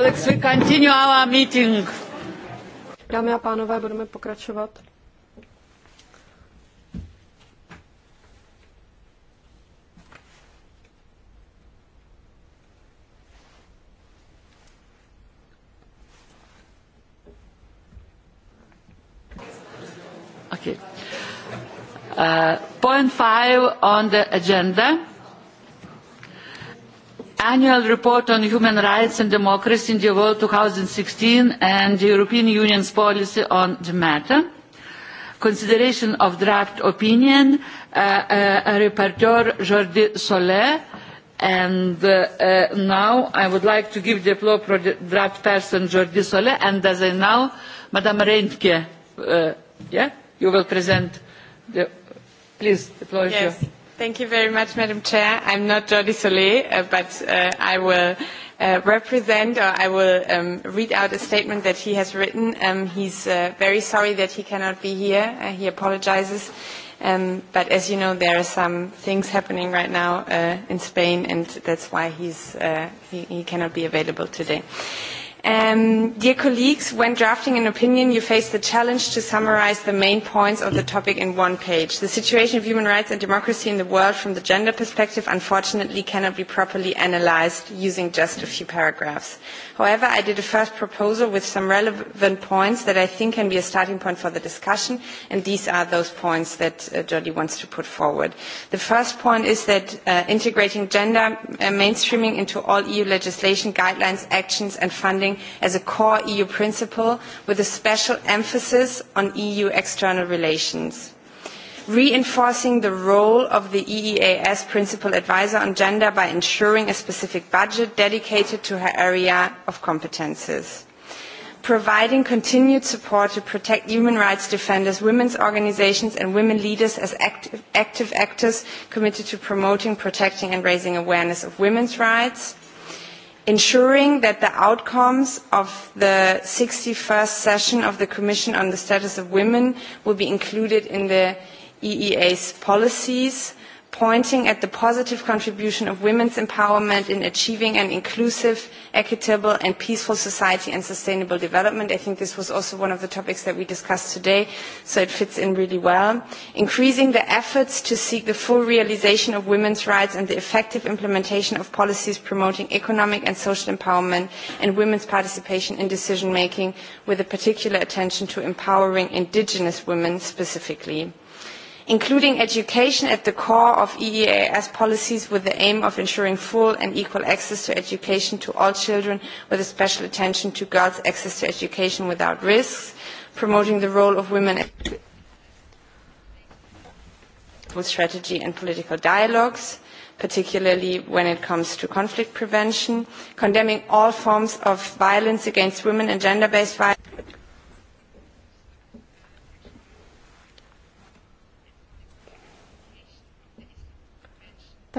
we continue our meeting. Dámy a pánové, budeme pokračovat. Okay. Uh, point five on the agenda annual report on human rights and democracy in the world 2016 and the European Union's policy on the matter. Consideration of draft opinion, uh, uh, Rapporteur Jordi Soler, and uh, uh, now I would like to give the floor to draft person Jordi Soler, and as I now, Madame Reintke, uh, yeah, you will present the, please, the floor is yours. Thank you very much, Madam Chair. I'm not Jordi Solé, uh, but uh, I will uh, represent or I will um, read out a statement that he has written. Um, he's uh, very sorry that he cannot be here. Uh, he apologizes. Um, but as you know, there are some things happening right now uh, in Spain, and that's why he's, uh, he, he cannot be available today. Uh, Um, dear colleagues, when drafting an opinion, you face the challenge to summarize the main points of the topic in one page. The situation of human rights and democracy in the world from the gender perspective, unfortunately, cannot be properly analyzed using just a few paragraphs. However, I did a first proposal with some relevant points that I think can be a starting point for the discussion, and these are those points that uh, Jody wants to put forward. The first point is that uh, integrating gender uh, mainstreaming into all EU legislation, guidelines, actions and funding as a core EU principle with a special emphasis on EU external relations reinforcing the role of the EEAS Principal Advisor on Gender by ensuring a specific budget dedicated to her area of competences providing continued support to protect human rights defenders, women's organizations and women leaders as active, active actors committed to promoting, protecting and raising awareness of women's rights, ensuring that the outcomes of the 61st session of the Commission on the Status of Women will be included in the EEA's policies, pointing at the positive contribution of women's empowerment in achieving an inclusive, equitable and peaceful society and sustainable development. I think this was also one of the topics that we discussed today, so it fits in really well. Increasing the efforts to seek the full realization of women's rights and the effective implementation of policies promoting economic and social empowerment and women's participation in decision making with a particular attention to empowering indigenous women specifically including education at the core of EEAS policies with the aim of ensuring full and equal access to education to all children with a special attention to girls' access to education without risks, promoting the role of women with strategy and political dialogues, particularly when it comes to conflict prevention, condemning all forms of violence against women and gender-based violence,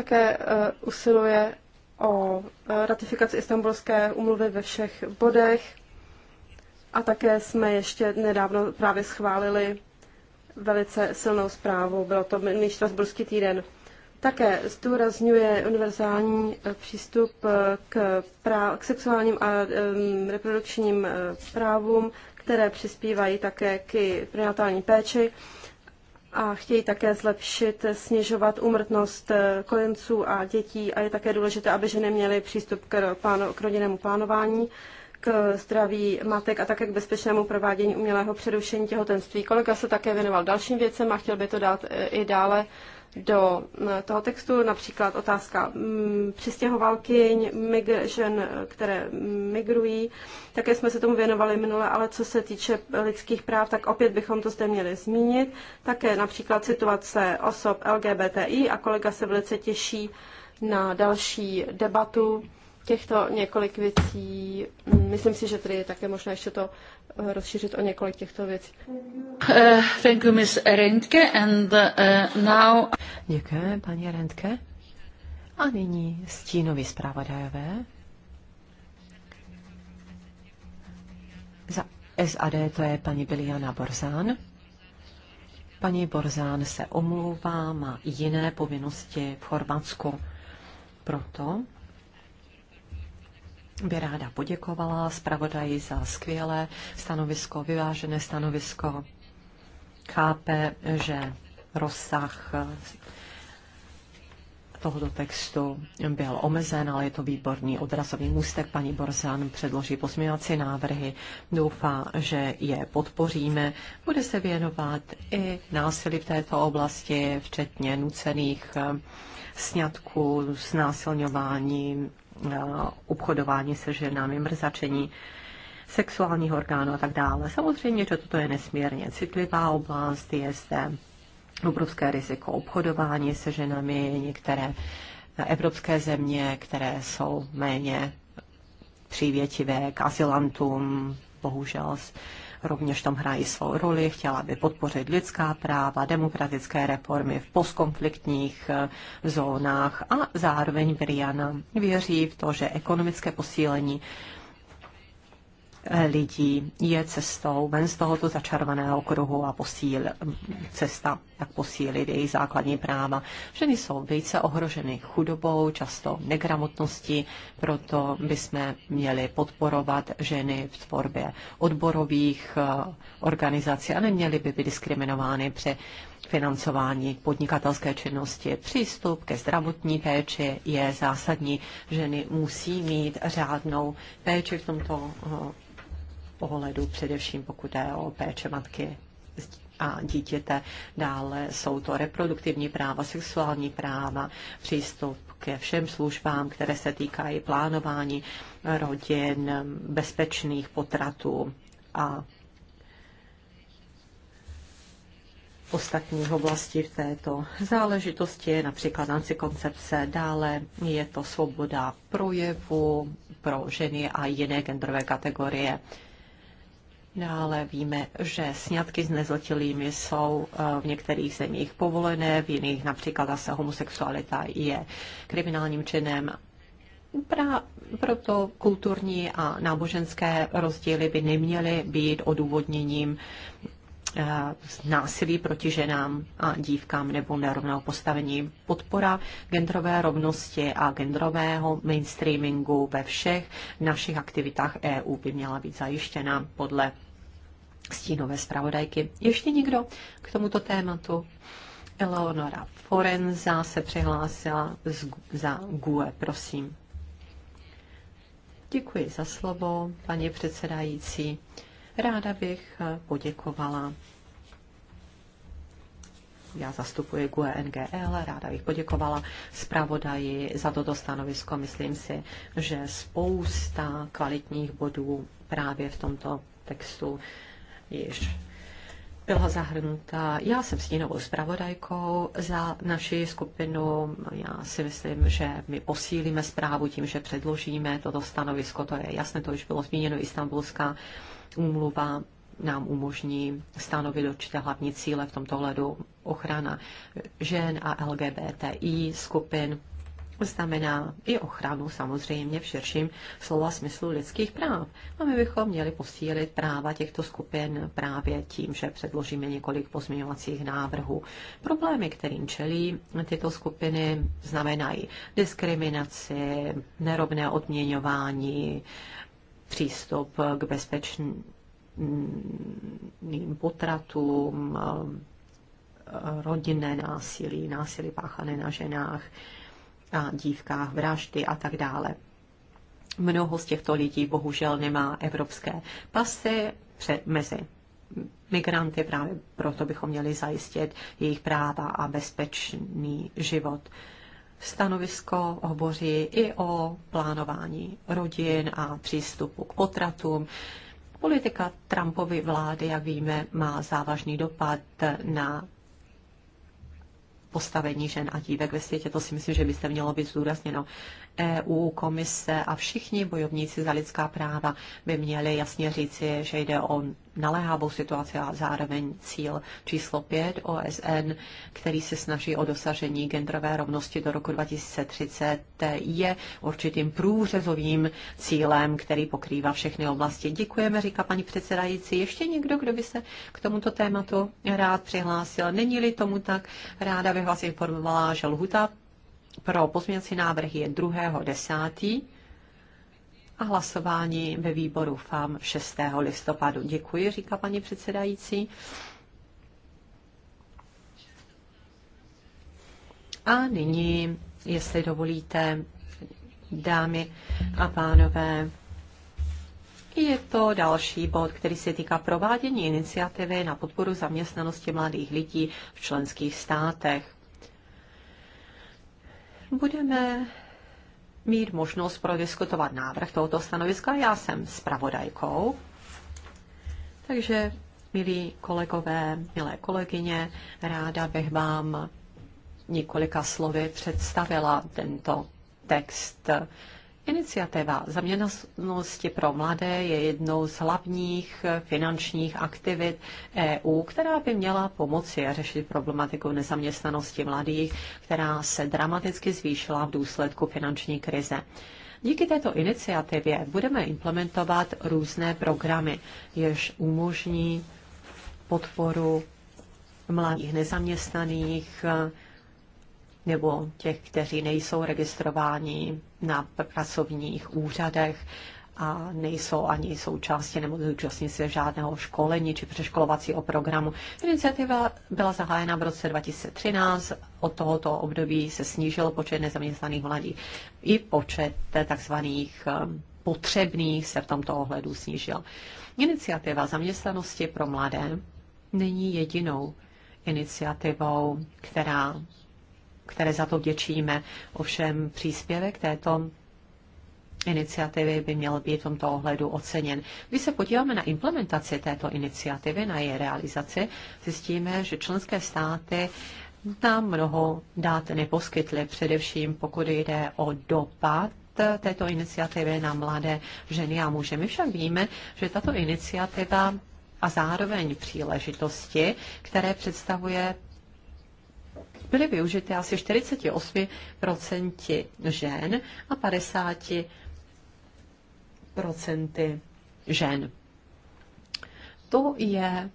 také eh, usiluje o eh, ratifikaci Istanbulské umluvy ve všech bodech a také jsme ještě nedávno právě schválili velice silnou zprávu, bylo to minulý Štrasburský týden. Také zdůrazňuje univerzální eh, přístup k, práv, k sexuálním a um, reprodukčním právům, které přispívají také k prenatální péči a chtějí také zlepšit, snižovat umrtnost eh, kojenců a dětí a je také důležité, aby ženy měly přístup k, plánu, k rodinnému plánování, k zdraví matek a také k bezpečnému provádění umělého přerušení těhotenství. Kolega se také věnoval dalším věcem a chtěl by to dát eh, i dále do eh, toho textu, například otázka mm, přistěhovalkyň, migr, žen, eh, které migrují. Také jsme se tomu věnovali minule, ale co se týče lidských práv, tak opět bychom to zde měli zmínit. Také například situace osob LGBTI a kolega se velice těší na další debatu těchto několik věcí. Myslím si, že tady je také možné ještě to eh, rozšířit o několik těchto věcí. Uh, thank you, Miss Rentke. And uh, now... Děkujeme, paní Rentke. A nyní stínový zpravodajové. Za SAD to je paní Biliana Borzán. Paní Borzán se omlouvá, má jiné povinnosti v Chorvatsku. Proto by ráda poděkovala zpravodaji za skvělé stanovisko, vyvážené stanovisko. Chápe, že rozsah tohoto textu byl omezen, ale je to výborný odrazový můstek. Paní Borzan předloží pozměňovací návrhy. Doufá, že je podpoříme. Bude se věnovat i násilí v této oblasti, včetně nucených sňatků, znásilňování Eh, obchodování se ženami, mrzačení sexuálních orgánů a tak dále. Samozřejmě, že toto je nesmírně citlivá oblast, je zde obrovské riziko obchodování se ženami, některé evropské země, které jsou méně přívětivé k asilantům, bohužel rovněž tam hrají svou roli, chtěla by podpořit lidská práva, demokratické reformy v postkonfliktních eh, zónách a zároveň Briana věří v to, že ekonomické posílení lidí je cestou ven z tohoto začarovaného kruhu a posíl, cesta, jak posílit jejich základní práva. Ženy jsou více ohroženy chudobou, často negramotností, proto bychom měli podporovat ženy v tvorbě odborových eh, organizací a neměly by být diskriminovány při financování podnikatelské činnosti. Přístup ke zdravotní péči je zásadní. Ženy musí mít řádnou péči v tomto eh, pohledu, především pokud je o péče matky a dítěte. Dále jsou to reproduktivní práva, sexuální práva, přístup ke všem službám, které se týkají plánování rodin, bezpečných potratů a ostatních oblastí v této záležitosti, například antikoncepce. Dále je to svoboda projevu pro ženy a jiné genderové kategorie. Dále víme, že sňatky s nezletilými jsou eh, v některých zemích povolené, v jiných například zase homosexualita je kriminálním činem. Pra, proto kulturní a náboženské rozdíly by neměly být odůvodněním Eh, násilí proti ženám a dívkám nebo nerovného postavení. Podpora genderové rovnosti a genderového mainstreamingu ve všech našich aktivitách EU by měla být zajištěna podle stínové zpravodajky. Ještě někdo k tomuto tématu? Eleonora Forenza se přihlásila za GUE, prosím. Děkuji za slovo, paní předsedající. Ráda bych eh, poděkovala. Já zastupuji GUE NGL, ráda bych poděkovala zpravodaji za toto stanovisko. Myslím si, že spousta kvalitních bodů právě v tomto textu již byla zahrnuta. Já jsem novou zpravodajkou za naši skupinu. Já si myslím, že my posílíme zprávu tím, že předložíme toto stanovisko. To je jasné, to už bylo zmíněno. Istanbulská úmluva nám umožní stanovit určité hlavní cíle v tomto hledu ochrana žen a LGBTI skupin znamená i ochranu samozřejmě v širším slova smyslu lidských práv. A my bychom měli posílit práva těchto skupin právě tím, že předložíme několik pozměňovacích návrhů. Problémy, kterým čelí tyto skupiny, znamenají diskriminaci, nerovné odměňování, přístup k bezpečným potratům, rodinné násilí, násilí páchané na ženách a dívkách, vraždy a tak dále. Mnoho z těchto lidí bohužel nemá evropské pasy před, mezi migranty, právě proto bychom měli zajistit jejich práva a bezpečný život. Uh, Stanovisko hovoří i o plánování rodin a přístupu k potratům. Politika Trumpovy vlády, jak víme, má závažný dopad na postavení žen a dívek ve světě. To si myslím, že byste mělo být zdůrazněno. EU, komise a všichni bojovníci za lidská práva by měli jasně říci, že jde o naléhavou situaci a zároveň cíl číslo 5 OSN, který se snaží o dosažení genderové rovnosti do roku 2030, je určitým průřezovým cílem, který pokrývá všechny oblasti. Děkujeme, říká paní předsedající. Ještě někdo, kdo by se k tomuto tématu rád přihlásil? Není-li tomu tak, ráda bych vás informovala, že lhuta pro pozměnci návrhy je 2.10. a hlasování ve výboru FAM 6. listopadu. Děkuji, říká paní předsedající. A nyní, jestli dovolíte, dámy a pánové, je to další bod, který se týká provádění iniciativy na podporu zaměstnanosti mladých lidí v členských státech. Budeme mít možnost prodiskutovat návrh tohoto stanoviska. Já jsem zpravodajkou, takže milí kolegové, milé kolegyně, ráda bych vám několika slovy představila tento text Iniciativa zaměstnanosti pro mladé je jednou z hlavních finančních aktivit EU, která by měla pomoci řešit problematiku nezaměstnanosti mladých, která se dramaticky zvýšila v důsledku finanční krize. Díky této iniciativě budeme implementovat různé programy, jež umožní podporu mladých nezaměstnaných, nebo těch, kteří nejsou registrováni na pracovních úřadech a nejsou ani součástí nebo zúčastní se žádného školení či přeškolovacího programu. Iniciativa byla zahájena v roce 2013. Od tohoto období se snížil počet nezaměstnaných mladých. I počet takzvaných eh, potřebných se v tomto ohledu snížil. Iniciativa zaměstnanosti pro mladé není jedinou iniciativou, která které za to děčíme. Ovšem příspěvek této iniciativy by měl být v tomto ohledu oceněn. Když se podíváme na implementaci této iniciativy, na její realizaci, zjistíme, že členské státy nám mnoho dát neposkytly, především pokud jde o dopad této iniciativy na mladé ženy a muže. My však víme, že tato iniciativa a zároveň příležitosti, které představuje byly využity asi 48% žen a 50% žen. To je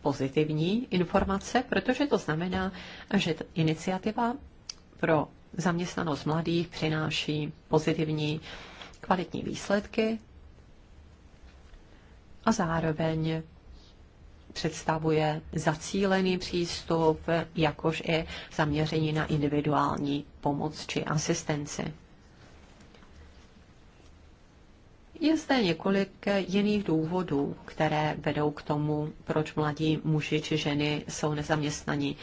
pozitivní informace, protože to znamená, že iniciativa pro zaměstnanost mladých přináší pozitivní kvalitní výsledky a zároveň představuje zacílený přístup, jakož i zaměření na individuální pomoc či asistenci. Je zde několik jiných důvodů, které vedou k tomu, proč mladí muži či ženy jsou nezaměstnaní.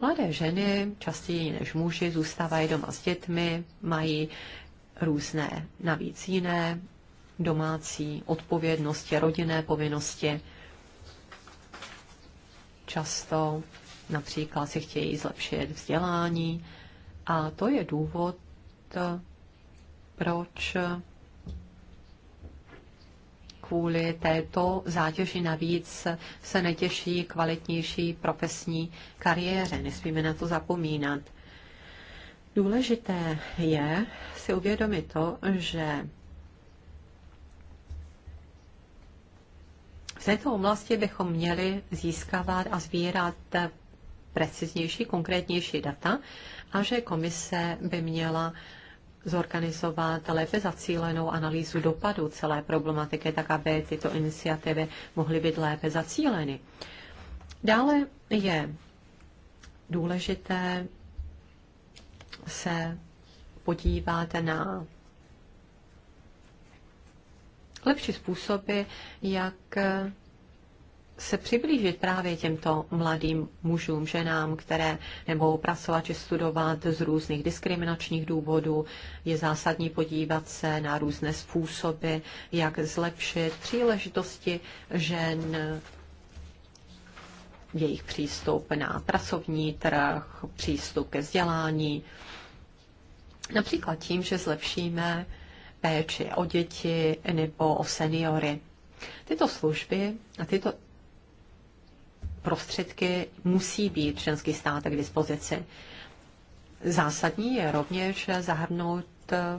Mladé ženy častěji než muži zůstávají doma s dětmi, mají různé navíc jiné domácí odpovědnosti, rodinné povinnosti. Často například si chtějí zlepšit vzdělání a to je důvod, proč kvůli této zátěži navíc se netěší kvalitnější profesní kariéře. Nesmíme na to zapomínat. Důležité je si uvědomit to, že této oblasti bychom měli získávat a sbírat preciznější, konkrétnější data a že komise by měla zorganizovat lépe zacílenou analýzu dopadu celé problematiky, tak aby tyto iniciativy mohly být lépe zacíleny. Dále je důležité se podívat na lepší způsoby, jak eh, se přiblížit právě těmto mladým mužům, ženám, které nemohou pracovat či studovat z různých diskriminačních důvodů. Je zásadní podívat se na různé způsoby, jak zlepšit příležitosti žen, jejich přístup na pracovní trh, přístup ke vzdělání. Například tím, že zlepšíme péči o děti nebo o seniory. Tyto služby a tyto prostředky musí být členský stát k dispozici. Zásadní je rovněž zahrnout eh,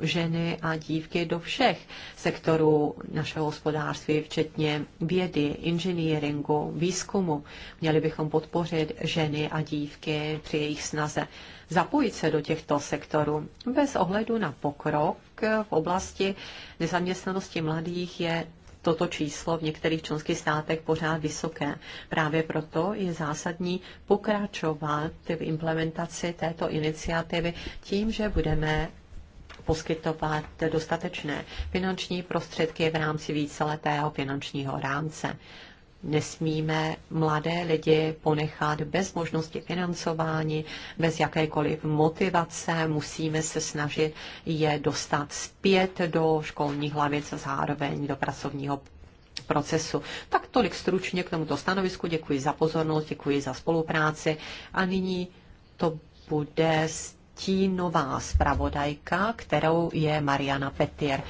ženy a dívky do všech sektorů našeho hospodářství, včetně vědy, inženýringu, výzkumu. Měli bychom podpořit ženy a dívky při jejich snaze zapojit se do těchto sektorů. Bez ohledu na pokrok v oblasti nezaměstnanosti mladých je toto číslo v některých členských státech pořád vysoké. Právě proto je zásadní pokračovat v implementaci této iniciativy tím, že budeme poskytovat dostatečné finanční prostředky v rámci víceletého finančního rámce nesmíme mladé lidi ponechat bez možnosti financování, bez jakékoliv motivace. Musíme se snažit je dostat zpět do školních hlavic a zároveň do pracovního procesu. Tak tolik stručně k tomuto stanovisku. Děkuji za pozornost, děkuji za spolupráci. A nyní to bude stínová zpravodajka, kterou je Mariana Petir.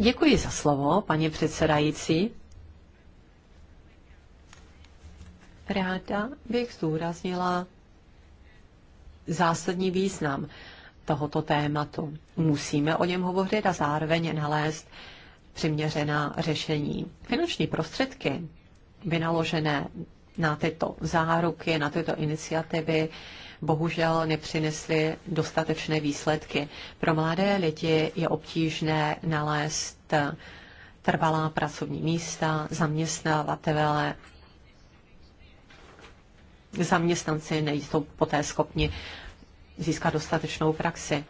Děkuji za slovo, paní předsedající. Ráda bych zdůraznila zásadní význam tohoto tématu. Musíme o něm hovořit a zároveň nalézt přiměřená řešení. Finanční prostředky vynaložené na tyto záruky, na tyto iniciativy bohužel nepřinesly dostatečné výsledky. Pro mladé lidi je obtížné nalézt eh, trvalá pracovní místa, zaměstnavatele, zaměstnanci nejsou poté schopni získat dostatečnou praxi.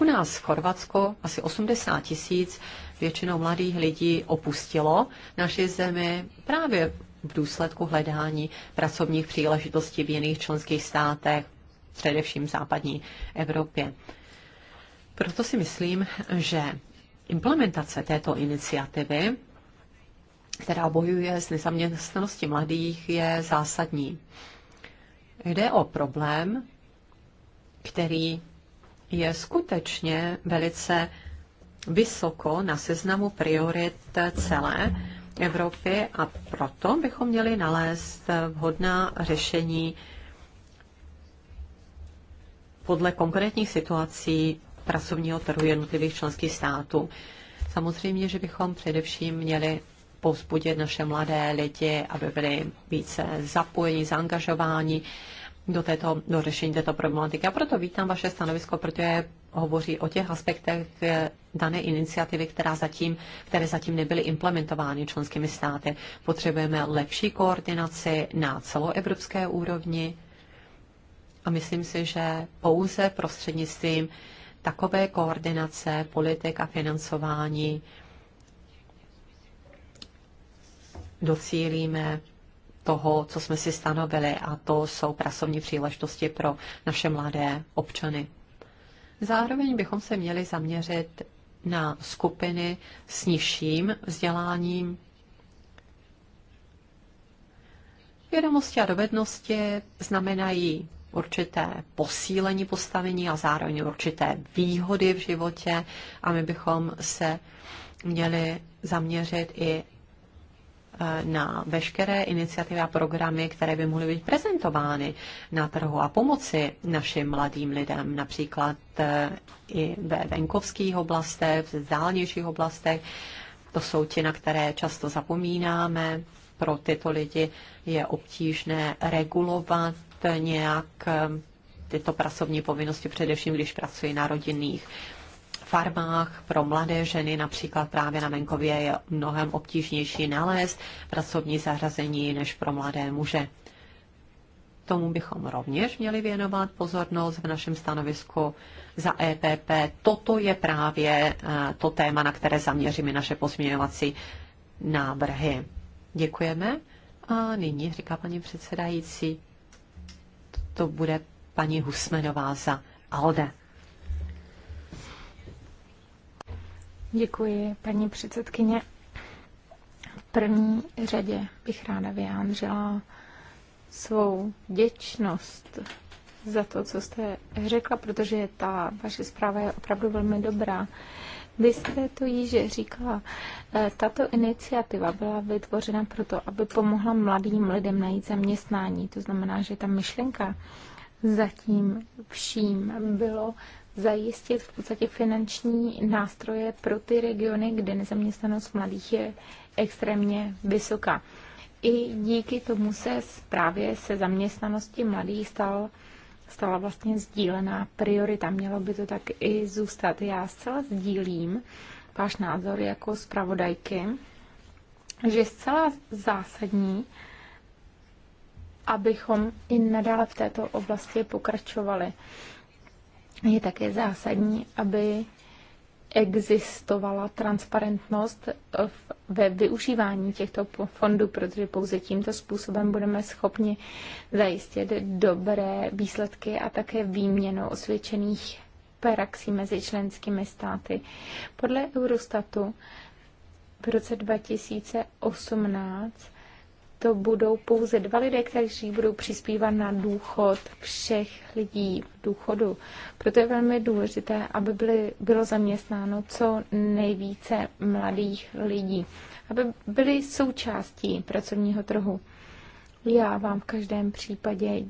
U nás v Chorvatsku asi 80 tisíc většinou mladých lidí opustilo naši zemi právě v důsledku hledání pracovních příležitostí v jiných členských státech především v západní Evropě. Proto si myslím, že implementace této iniciativy, která bojuje s nezaměstnaností mladých, je zásadní. Jde o problém, který je skutečně velice vysoko na seznamu priorit celé Evropy a proto bychom měli nalézt vhodná řešení podle konkrétních situací pracovního trhu jednotlivých členských států. Samozřejmě, že bychom především měli povzbudit naše mladé lidi, aby byli více zapojeni, zaangažováni do, této, do řešení této problematiky. A proto vítám vaše stanovisko, protože hovoří o těch aspektech dané iniciativy, která zatím, které zatím nebyly implementovány členskými státy. Potřebujeme lepší koordinaci na celoevropské úrovni, a myslím si, že pouze prostřednictvím takové koordinace politik a financování docílíme toho, co jsme si stanovili, a to jsou pracovní příležitosti pro naše mladé občany. Zároveň bychom se měli zaměřit na skupiny s nižším vzděláním. Vědomosti a dovednosti znamenají určité posílení postavení a zároveň určité výhody v životě a my bychom se měli zaměřit i e, na veškeré iniciativy a programy, které by mohly být prezentovány na trhu a pomoci našim mladým lidem, například e, i ve venkovských oblastech, v dálnějších oblastech. To jsou ti, na které často zapomínáme. Pro tyto lidi je obtížné regulovat nějak eh, tyto pracovní povinnosti, především když pracuji na rodinných farmách pro mladé ženy, například právě na venkově je mnohem obtížnější nalézt pracovní zařazení než pro mladé muže. Tomu bychom rovněž měli věnovat pozornost v našem stanovisku za EPP. Toto je právě eh, to téma, na které zaměříme naše pozměňovací návrhy. Děkujeme. A nyní, říká paní předsedající, to bude paní Husmenová za ALDE. Děkuji, paní předsedkyně. V první řadě bych ráda vyjádřila svou děčnost za to, co jste řekla, protože ta vaše zpráva je opravdu velmi dobrá vysvětlují, že říkala, e, tato iniciativa byla vytvořena proto, aby pomohla mladým lidem najít zaměstnání. To znamená, že ta myšlenka zatím vším bylo zajistit v podstatě finanční nástroje pro ty regiony, kde nezaměstnanost mladých je extrémně vysoká. I díky tomu se právě se zaměstnanosti mladých stal stala vlastně sdílená priorita. Mělo by to tak i zůstat. Já zcela sdílím váš názor jako zpravodajky, že je zcela zásadní, abychom i nadále v této oblasti pokračovali. Je také zásadní, aby existovala transparentnost ve využívání těchto fondů, protože pouze tímto způsobem budeme schopni zajistit dobré výsledky a také výměnu osvědčených praxí mezi členskými státy. Podle Eurostatu v roce 2018 to budou pouze dva lidé, kteří budou přispívat na důchod všech lidí v důchodu. Proto je velmi důležité, aby byly, bylo zaměstnáno co nejvíce mladých lidí, aby byli součástí pracovního trhu. Já vám v každém případě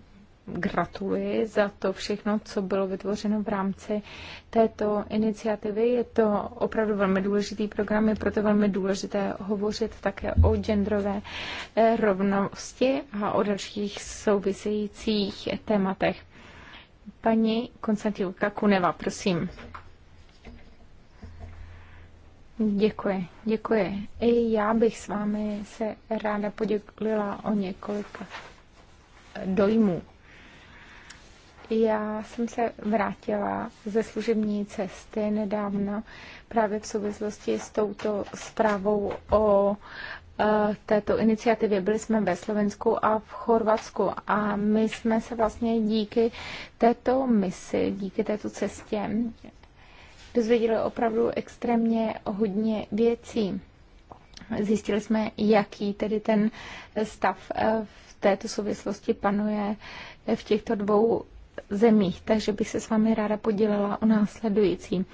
gratuluji za to všechno, co bylo vytvořeno v rámci této iniciativy. Je to opravdu velmi důležitý program, je proto velmi důležité hovořit také o genderové eh, rovnosti a o dalších souvisejících tématech. Paní Konstantinka Kuneva, prosím. Děkuji, děkuji. I já bych s vámi se ráda podělila o několik dojmů. Já jsem se vrátila ze služební cesty nedávno právě v souvislosti s touto zprávou o e, této iniciativě. Byli jsme ve Slovensku a v Chorvatsku a my jsme se vlastně díky této misi, díky této cestě dozvěděli opravdu extrémně hodně věcí. Zjistili jsme, jaký tedy ten stav e, v této souvislosti panuje v těchto dvou zemích, takže bych se s vámi ráda podělila o následující.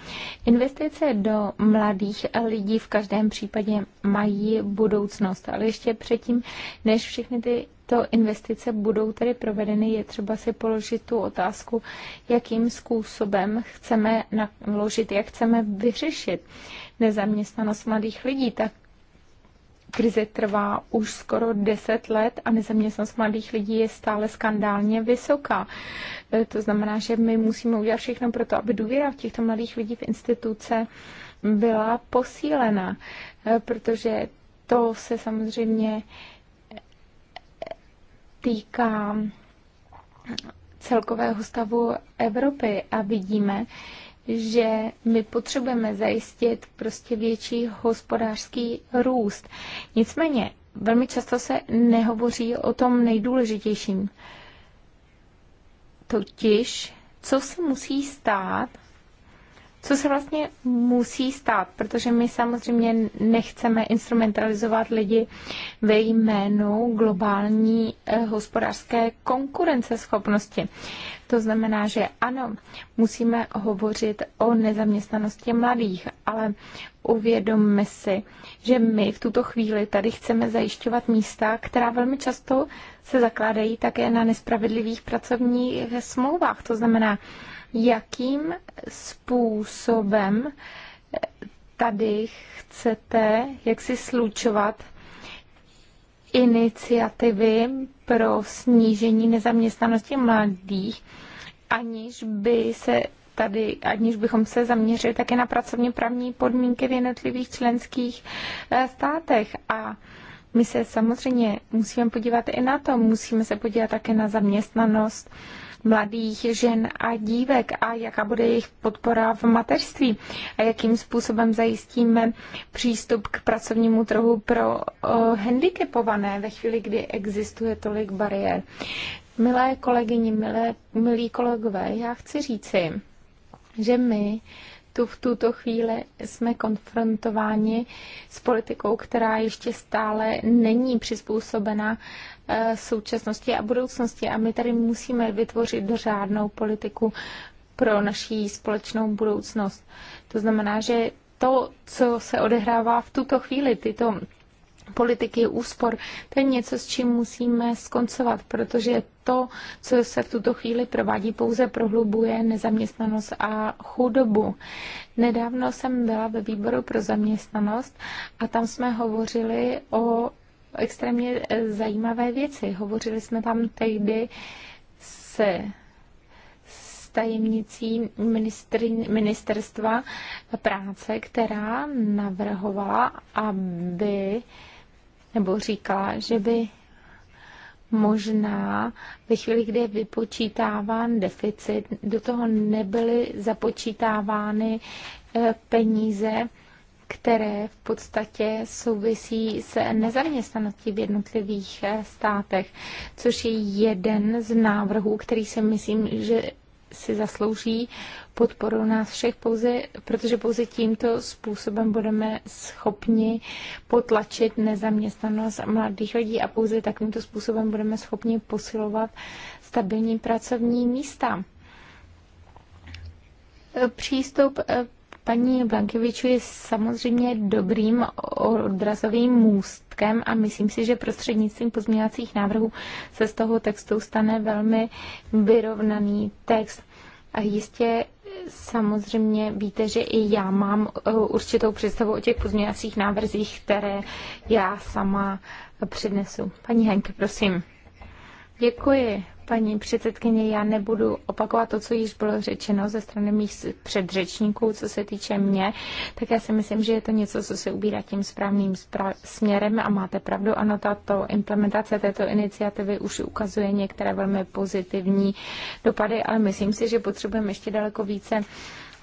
Investice do mladých lidí v každém případě mají budoucnost, ale ještě předtím, než všechny ty tyto investice budou tedy provedeny, je třeba si položit tu otázku, jakým způsobem chceme naložit, jak chceme vyřešit nezaměstnanost mladých lidí, tak krize trvá už skoro 10 let a nezaměstnanost mladých lidí je stále skandálně vysoká. E, to znamená, že my musíme udělat všechno pro to, aby důvěra v těchto mladých lidí v instituce byla posílena, e, protože to se samozřejmě týká celkového stavu Evropy a vidíme, že my potřebujeme zajistit prostě větší hospodářský růst. Nicméně, velmi často se nehovoří o tom nejdůležitějším. Totiž, co se musí stát, co se vlastně musí stát, protože my samozřejmě nechceme instrumentalizovat lidi ve jménu globální eh, hospodářské konkurenceschopnosti. To znamená, že ano, musíme hovořit o nezaměstnanosti mladých, ale uvědomme si, že my v tuto chvíli tady chceme zajišťovat místa, která velmi často se zakládají také na nespravedlivých pracovních smlouvách. To znamená, jakým způsobem tady chcete jak si slučovat iniciativy pro snížení nezaměstnanosti mladých, aniž by se tady, aniž bychom se zaměřili také na pracovně právní podmínky v jednotlivých členských eh, státech. A my se samozřejmě musíme podívat i na to, musíme se podívat také na zaměstnanost mladých žen a dívek a jaká bude jejich podpora v mateřství a jakým způsobem zajistíme přístup k pracovnímu trhu pro handicapované ve chvíli, kdy existuje tolik bariér. Milé kolegyni, milé, milí kolegové, já chci říci, že my tu v tuto chvíli jsme konfrontováni s politikou, která ještě stále není přizpůsobena Eh, současnosti a budoucnosti a my tady musíme vytvořit řádnou politiku pro naší společnou budoucnost. To znamená, že to, co se odehrává v tuto chvíli, tyto politiky úspor, to je něco, s čím musíme skoncovat, protože to, co se v tuto chvíli provádí, pouze prohlubuje nezaměstnanost a chudobu. Nedávno jsem byla ve výboru pro zaměstnanost a tam jsme hovořili o extrémně eh, zajímavé věci. Hovořili jsme tam tehdy se tajemnicí ministerstva práce, která navrhovala, aby, nebo říkala, že by možná ve chvíli, kdy je vypočítáván deficit, do toho nebyly započítávány eh, peníze které v podstatě souvisí s nezaměstnaností v jednotlivých eh, státech, což je jeden z návrhů, který si myslím, že si zaslouží podporu nás všech, pouze, protože pouze tímto způsobem budeme schopni potlačit nezaměstnanost mladých lidí a pouze takovýmto způsobem budeme schopni posilovat stabilní pracovní místa. Přístup eh, paní Blankeviču je samozřejmě dobrým odrazovým můstkem a myslím si, že prostřednictvím pozměňovacích návrhů se z toho textu stane velmi vyrovnaný text. A jistě samozřejmě víte, že i já mám eh, určitou představu o těch pozměňovacích návrzích, které já sama přednesu. Paní Henke, prosím. Děkuji, Paní předsedkyně, já nebudu opakovat to, co již bylo řečeno ze strany mých předřečníků, co se týče mě, tak já si myslím, že je to něco, co se ubírá tím správným směrem a máte pravdu. Ano, tato implementace této iniciativy už ukazuje některé velmi pozitivní dopady, ale myslím si, že potřebujeme ještě daleko více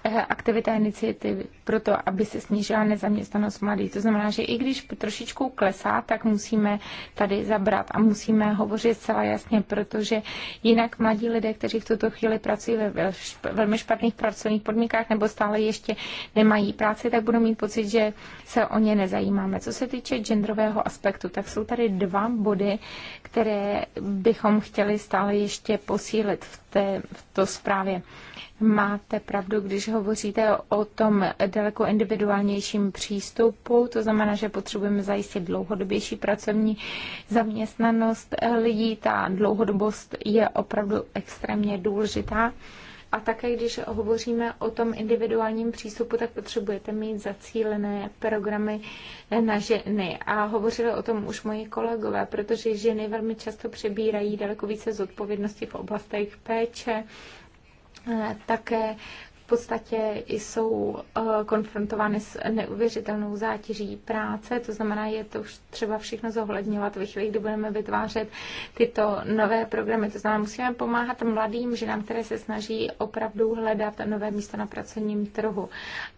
aktivita iniciativy pro to, aby se snížila nezaměstnanost mladých. To znamená, že i když trošičku klesá, tak musíme tady zabrat a musíme hovořit zcela jasně, protože jinak mladí lidé, kteří v tuto chvíli pracují ve velmi špatných pracovních podmínkách nebo stále ještě nemají práci, tak budou mít pocit, že se o ně nezajímáme. Co se týče genderového aspektu, tak jsou tady dva body, které bychom chtěli stále ještě posílit v té, v to zprávě. Máte pravdu, když hovoříte o tom daleko individuálnějším přístupu, to znamená, že potřebujeme zajistit dlouhodobější pracovní zaměstnanost lidí. Ta dlouhodobost je opravdu extrémně důležitá. A také, když hovoříme o tom individuálním přístupu, tak potřebujete mít zacílené programy na ženy. A hovořili o tom už moji kolegové, protože ženy velmi často přebírají daleko více zodpovědnosti v oblastech péče, eh, také podstatě jsou eh, konfrontovány s neuvěřitelnou zátěží práce, to znamená, je to třeba všechno zohledňovat ve chvíli, kdy budeme vytvářet tyto nové programy. To znamená, musíme pomáhat mladým ženám, které se snaží opravdu hledat nové místo na pracovním trhu.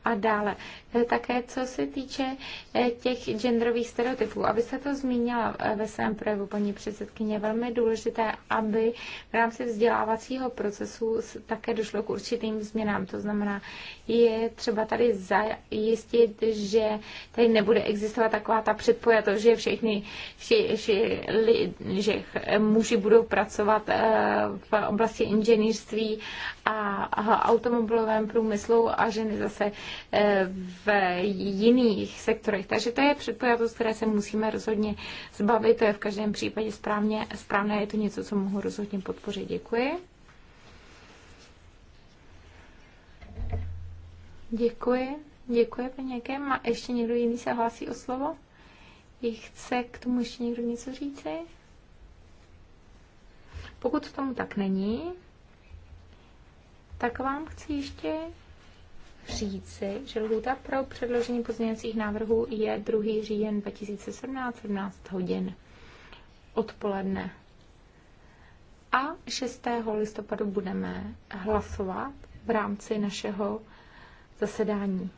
A dále, eh, také co se týče eh, těch genderových stereotypů, abyste to zmínila ve svém projevu, paní předsedkyně, velmi důležité, aby v rámci vzdělávacího procesu také došlo k určitým změnám. To znamená, je třeba tady zajistit, že tady nebude existovat taková ta předpojatost, že všechny, že, že, li, že muži budou pracovat eh, v oblasti inženýrství a automobilovém průmyslu a ženy zase eh, v jiných sektorech. Takže to je předpojatost, které se musíme rozhodně zbavit. To je v každém případě správně, správné, je to něco, co mohu rozhodně podpořit. Děkuji. Děkuji. Děkuji, paní Jakem. A ještě někdo jiný se hlásí o slovo? I chce k tomu ještě někdo něco říci? Pokud tomu tak není, tak vám chci ještě říci, že lhůta pro předložení pozměňovacích návrhů je 2. říjen 2017, 17 hodin odpoledne. A 6. listopadu budeme hlasovat v rámci našeho zasedání.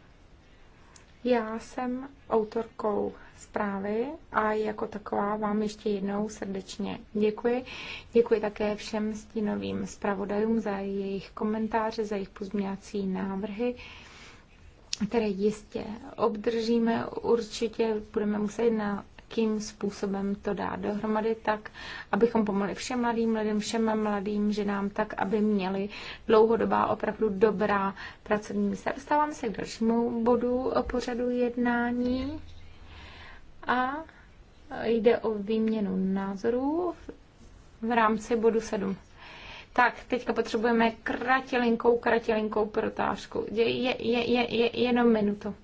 Já jsem autorkou zprávy a jako taková vám ještě jednou srdečně děkuji. Děkuji také všem stínovým zpravodajům za jejich komentáře, za jejich pozměňovací návrhy které jistě obdržíme. Určitě budeme muset na jakým způsobem to dá dohromady tak, abychom pomohli všem mladým lidem, všem mladým ženám tak, aby měli dlouhodobá opravdu dobrá pracovní místa. Dostávám se k dalšímu bodu pořadu jednání a jde o výměnu názorů v rámci bodu 7. Tak, teďka potřebujeme kratilinkou, kratilinkou protážku. Je, je, je, je, jenom minutu.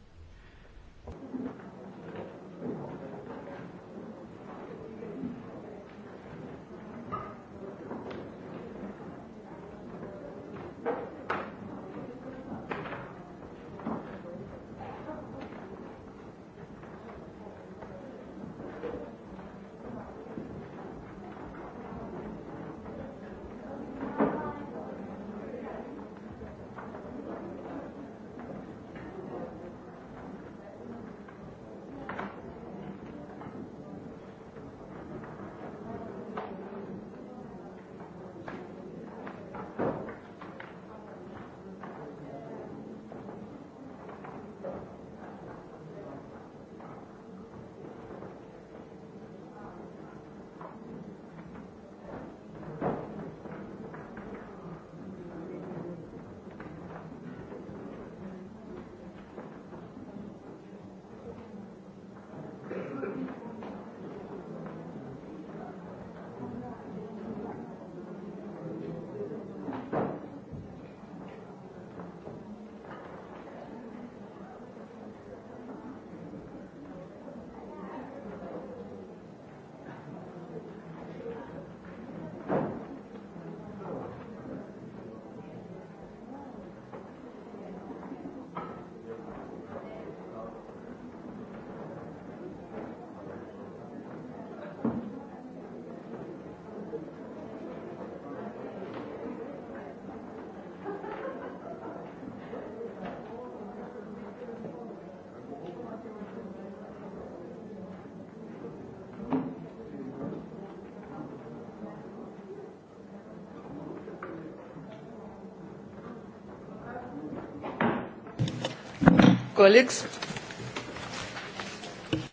colleagues.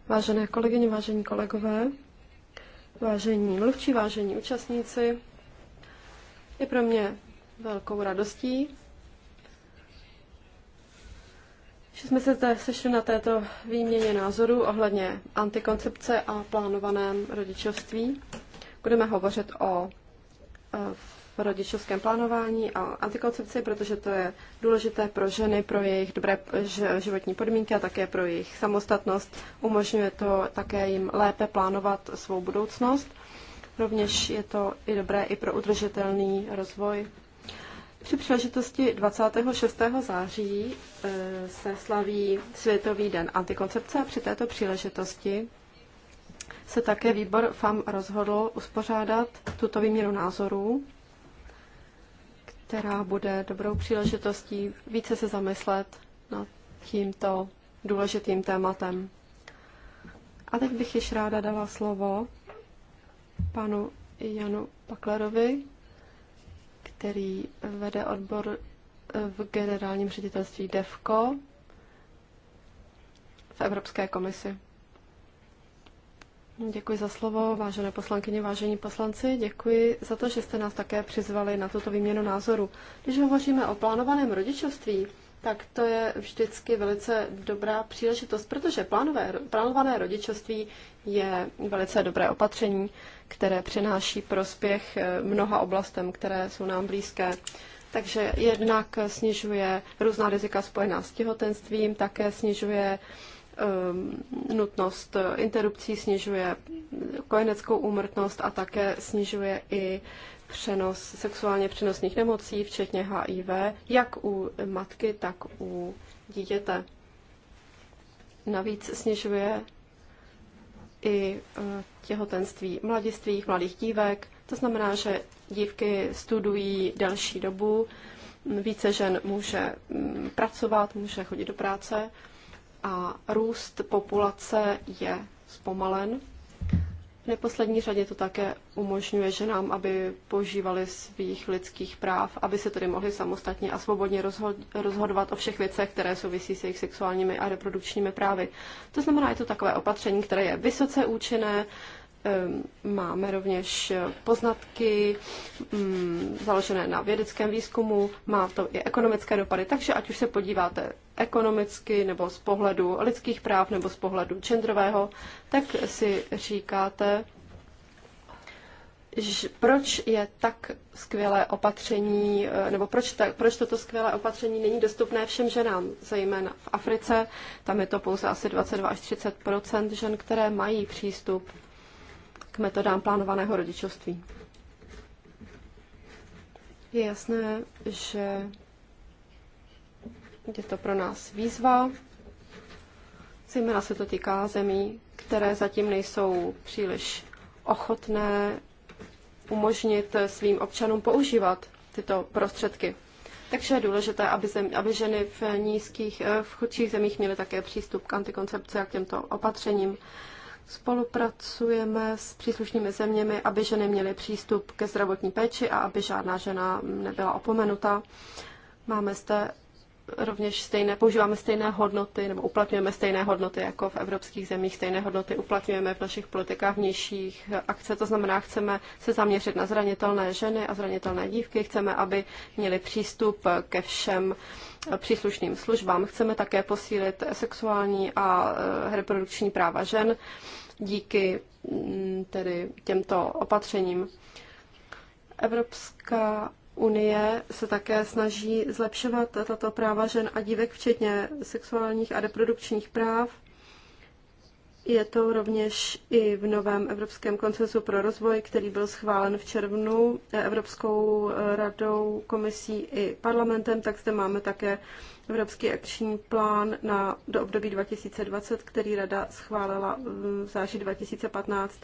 Vážené kolegyně, vážení kolegové, vážení mluvčí, vážení účastníci, je pro mě velkou radostí, že jsme se zde sešli na této výměně názorů ohledně antikoncepce a plánovaném rodičovství. Budeme hovořit o eh, v rodičovském plánování a antikoncepci, protože to je důležité pro ženy, pro jejich dobré životní podmínky a také pro jejich samostatnost. Umožňuje to také jim lépe plánovat svou budoucnost. Rovněž je to i dobré i pro udržitelný rozvoj. Při příležitosti 26. září eh, se slaví Světový den antikoncepce a při této příležitosti se také výbor FAM rozhodl uspořádat tuto výměnu názorů která bude dobrou příležitostí více se zamyslet nad tímto důležitým tématem. A teď bych již ráda dala slovo panu Janu Paklerovi, který vede odbor v generálním ředitelství DEVKO v Evropské komisi. Děkuji za slovo, vážené poslankyně, vážení poslanci. Děkuji za to, že jste nás také přizvali na tuto výměnu názoru. Když hovoříme o plánovaném rodičovství, tak to je vždycky velice dobrá příležitost, protože plánové, plánované rodičovství je velice dobré opatření, které přináší prospěch eh, mnoha oblastem, které jsou nám blízké. Takže jednak snižuje různá rizika spojená s těhotenstvím, také snižuje uh, Ehm, nutnost interrupcí, snižuje kojeneckou úmrtnost a také snižuje i přenos sexuálně přenosných nemocí, včetně HIV, jak u matky, tak u dítěte. Navíc snižuje i eh, těhotenství mladistvých, mladých dívek. To znamená, že dívky studují delší dobu, více žen může mm, pracovat, může chodit do práce a růst populace je zpomalen. V neposlední řadě to také umožňuje ženám, aby požívali svých lidských práv, aby se tedy mohli samostatně a svobodně rozhodovat o všech věcech, které souvisí s jejich sexuálními a reprodukčními právy. To znamená, je to takové opatření, které je vysoce účinné, Ehm, máme rovněž eh, poznatky mm, založené na vědeckém výzkumu, má to i ekonomické dopady, takže ať už se podíváte ekonomicky nebo z pohledu lidských práv nebo z pohledu genderového, tak si říkáte, proč je tak skvělé opatření, eh, nebo proč, ta, proč toto skvělé opatření není dostupné všem ženám, zejména v Africe. Tam je to pouze asi 22 až 30 žen, které mají přístup metodám plánovaného rodičovství. Je jasné, že je to pro nás výzva, zejména se to týká zemí, které zatím nejsou příliš ochotné umožnit svým občanům používat tyto prostředky. Takže je důležité, aby, zem, aby ženy v nízkých, eh, v chudších zemích měly také přístup k antikoncepci a k těmto opatřením. Spolupracujeme s příslušnými zeměmi, aby ženy měly přístup ke zdravotní péči a aby žádná žena nebyla opomenuta. Máme zde rovněž stejné, používáme stejné hodnoty nebo uplatňujeme stejné hodnoty jako v evropských zemích, stejné hodnoty uplatňujeme v našich politikách vnějších akce, to znamená, chceme se zaměřit na zranitelné ženy a zranitelné dívky, chceme, aby měli přístup ke všem příslušným službám, chceme také posílit sexuální a reprodukční práva žen díky mm, tedy těmto opatřením. Evropská unie se také snaží zlepšovat tato práva žen a dívek, včetně sexuálních a reprodukčních práv. Je to rovněž i v novém Evropském koncesu pro rozvoj, který byl schválen v červnu Evropskou radou, komisí i parlamentem, tak zde máme také Evropský akční plán na, do období 2020, který Rada schválila v září 2015.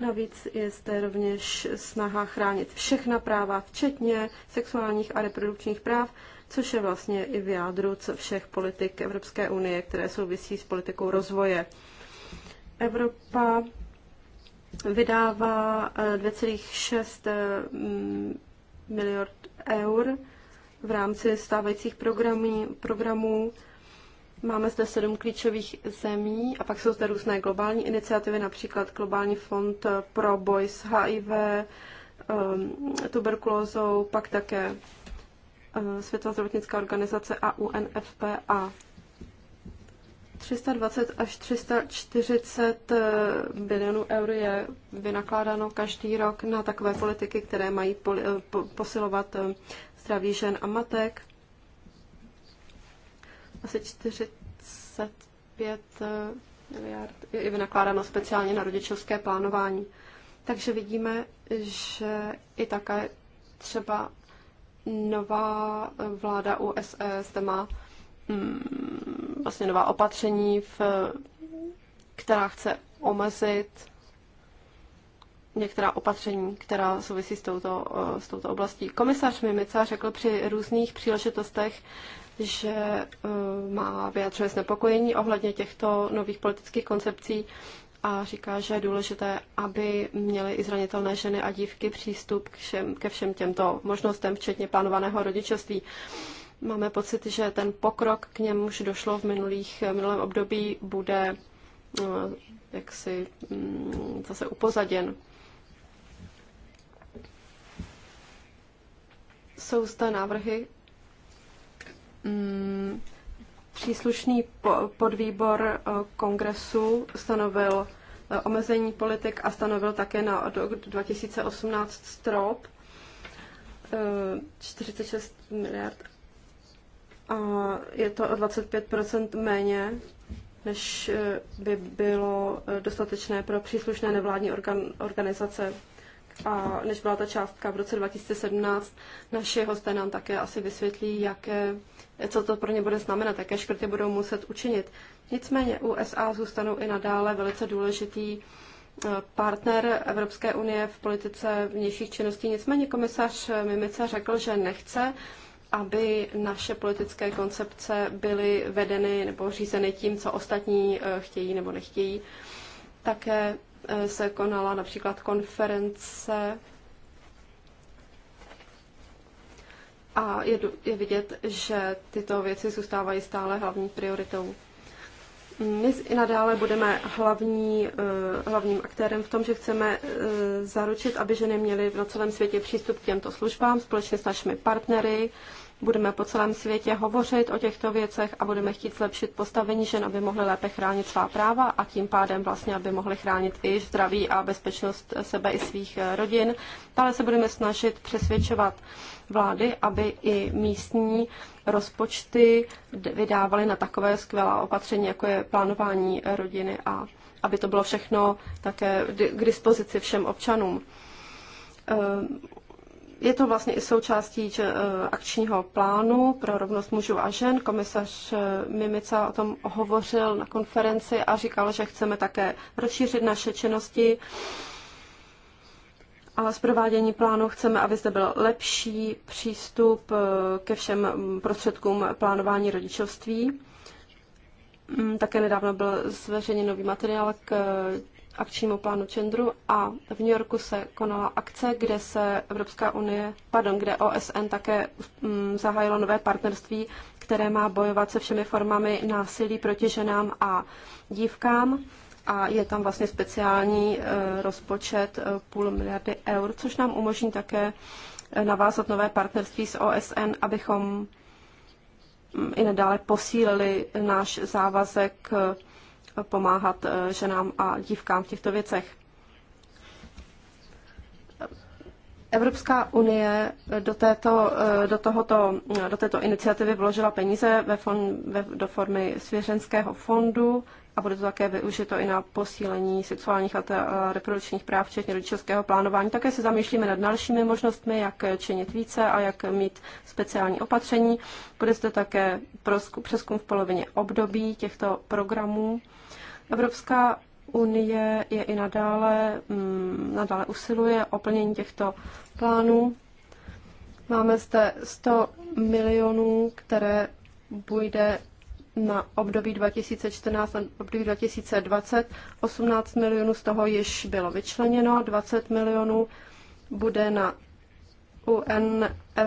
Navíc je zde rovněž snaha chránit všechna práva, včetně sexuálních a reprodukčních práv, což je vlastně i v jádru všech politik Evropské unie, které souvisí s politikou rozvoje. Evropa vydává 2,6 eh, eh, miliard eur v rámci stávajících programy, programů. Máme zde sedm klíčových zemí a pak jsou zde různé globální iniciativy, například Globální fond pro boj s HIV, ehm, tuberkulózou, pak také ehm, Světová zdravotnická organizace a UNFPA. 320 až 340 eh, bilionů eur je vynakládáno každý rok na takové politiky, které mají eh, posilovat eh, zdraví žen a matek. Asi 45 miliard je vynakládáno speciálně na rodičovské plánování. Takže vidíme, že i také třeba nová vláda USA zde má mm, vlastně nová opatření, v, která chce omezit některá opatření, která souvisí s touto, eh, s touto oblastí. Komisař Mimica řekl při různých příležitostech, že eh, má vyjadřuje znepokojení ohledně těchto nových politických koncepcí a říká, že je důležité, aby měly i zranitelné ženy a dívky přístup k všem, ke všem těmto možnostem, včetně plánovaného rodičovství. Uh, Máme pocit, že ten pokrok, k němuž došlo v minulých, minulém období, bude eh, jaksi mm, zase upozaděn. Jsou zde návrhy. Mm, příslušný podvýbor eh, kongresu stanovil eh, omezení politik a stanovil také na 2018 strop 46 miliard a je to o 25 méně, než eh, by bylo eh, dostatečné pro příslušné nevládní organ, organizace. A než byla ta částka v roce 2017, naši hosté nám také asi vysvětlí, jaké, co to pro ně bude znamenat, jaké škrty budou muset učinit. Nicméně USA zůstanou i nadále velice důležitý eh, partner Evropské unie v politice vnějších činností. Nicméně komisař Mimica řekl, že nechce uh, aby naše politické koncepce byly vedeny nebo řízeny tím, co ostatní eh, chtějí nebo nechtějí. Také eh, se konala například konference a je, je vidět, že tyto věci zůstávají stále hlavní prioritou. My i nadále budeme hlavní, eh, hlavním aktérem v tom, že chceme zaručit, aby ženy měly na celém světě přístup k těmto službám společně s našimi partnery, Budeme po celém světě hovořit o těchto věcech a budeme chtít zlepšit postavení žen, aby mohly lépe chránit svá práva a tím pádem vlastně, aby mohly chránit i zdraví a bezpečnost sebe i svých eh, rodin. Dále se budeme snažit přesvědčovat vlády, aby i místní rozpočty vydávaly na takové skvělá opatření, jako je plánování eh, rodiny a aby to bylo všechno také k dispozici všem občanům. Ehm, je to vlastně i součástí eh, akčního plánu pro rovnost mužů a žen. Komisař eh, Mimica o tom hovořil na konferenci a říkal, že chceme také rozšířit naše činnosti ale z provádění plánu chceme, aby zde byl lepší přístup eh, ke všem mm, prostředkům plánování rodičovství. Mm, také nedávno byl zveřejněn nový materiál k akčnímu plánu Čendru a v New Yorku se konala akce, kde se Evropská unie, pardon, kde OSN také um, zahájilo nové partnerství, které má bojovat se všemi formami násilí proti ženám a dívkám a je tam vlastně speciální e, rozpočet e, půl miliardy eur, což nám umožní také e, navázat nové partnerství s OSN, abychom mm, i nadále posílili náš závazek pomáhat eh, ženám a dívkám v těchto věcech. Evropská unie do, této, eh, do, tohoto, eh, do této iniciativy vložila peníze ve fond, ve, do formy svěřenského fondu a bude to také využito i na posílení sexuálních a, reprodukčních práv, včetně rodičovského plánování. Také se zamýšlíme nad dalšími možnostmi, jak činit více a jak mít speciální opatření. Bude zde také přeskum v polovině období těchto programů Evropská unie je i nadále, mm, nadále usiluje o plnění těchto plánů. Máme zde 100 milionů, které půjde na období 2014 a období 2020. 18 milionů z toho již bylo vyčleněno, 20 milionů bude na UNFPC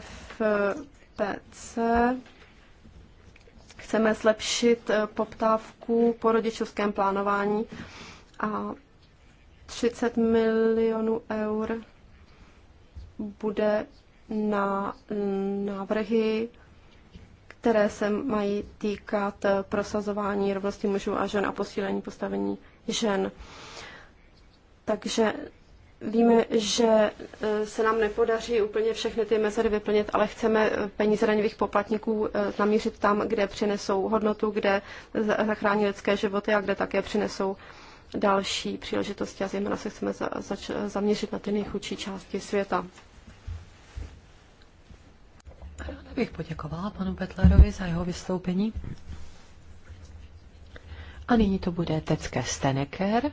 Chceme zlepšit eh, poptávku po rodičovském plánování a 30 milionů eur bude na návrhy, které se mají týkat eh, prosazování rovnosti mužů a žen a posílení postavení žen. Takže Víme, že e, se nám nepodaří úplně všechny ty mezery vyplnit, ale chceme e, peníze daňových poplatníků e, namířit tam, kde přinesou hodnotu, kde zachrání lidské životy a kde také přinesou další příležitosti a zejména se chceme za, zač, zaměřit na ty nejchudší části světa. Ráda bych poděkovala panu Petlerovi za jeho vystoupení. A nyní to bude Tecké Steneker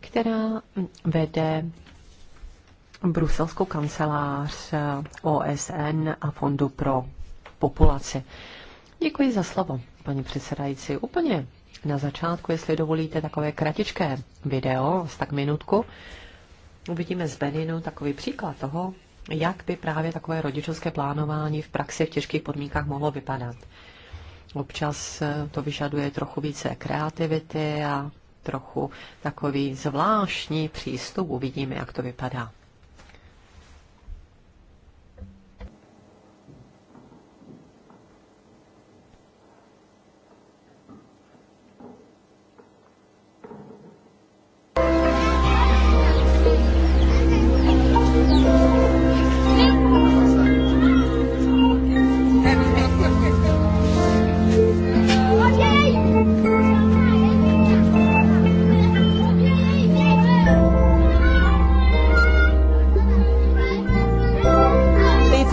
která vede bruselskou kancelář eh, OSN a Fondu pro populaci. Děkuji za slovo, paní předsedající. Úplně na začátku, jestli dovolíte takové kratičké video, z tak minutku, uvidíme z Beninu takový příklad toho, jak by právě takové rodičovské plánování v praxi v těžkých podmínkách mohlo vypadat. Občas eh, to vyžaduje trochu více kreativity a trochu takový zvláštní přístup. Uvidíme, jak to vypadá.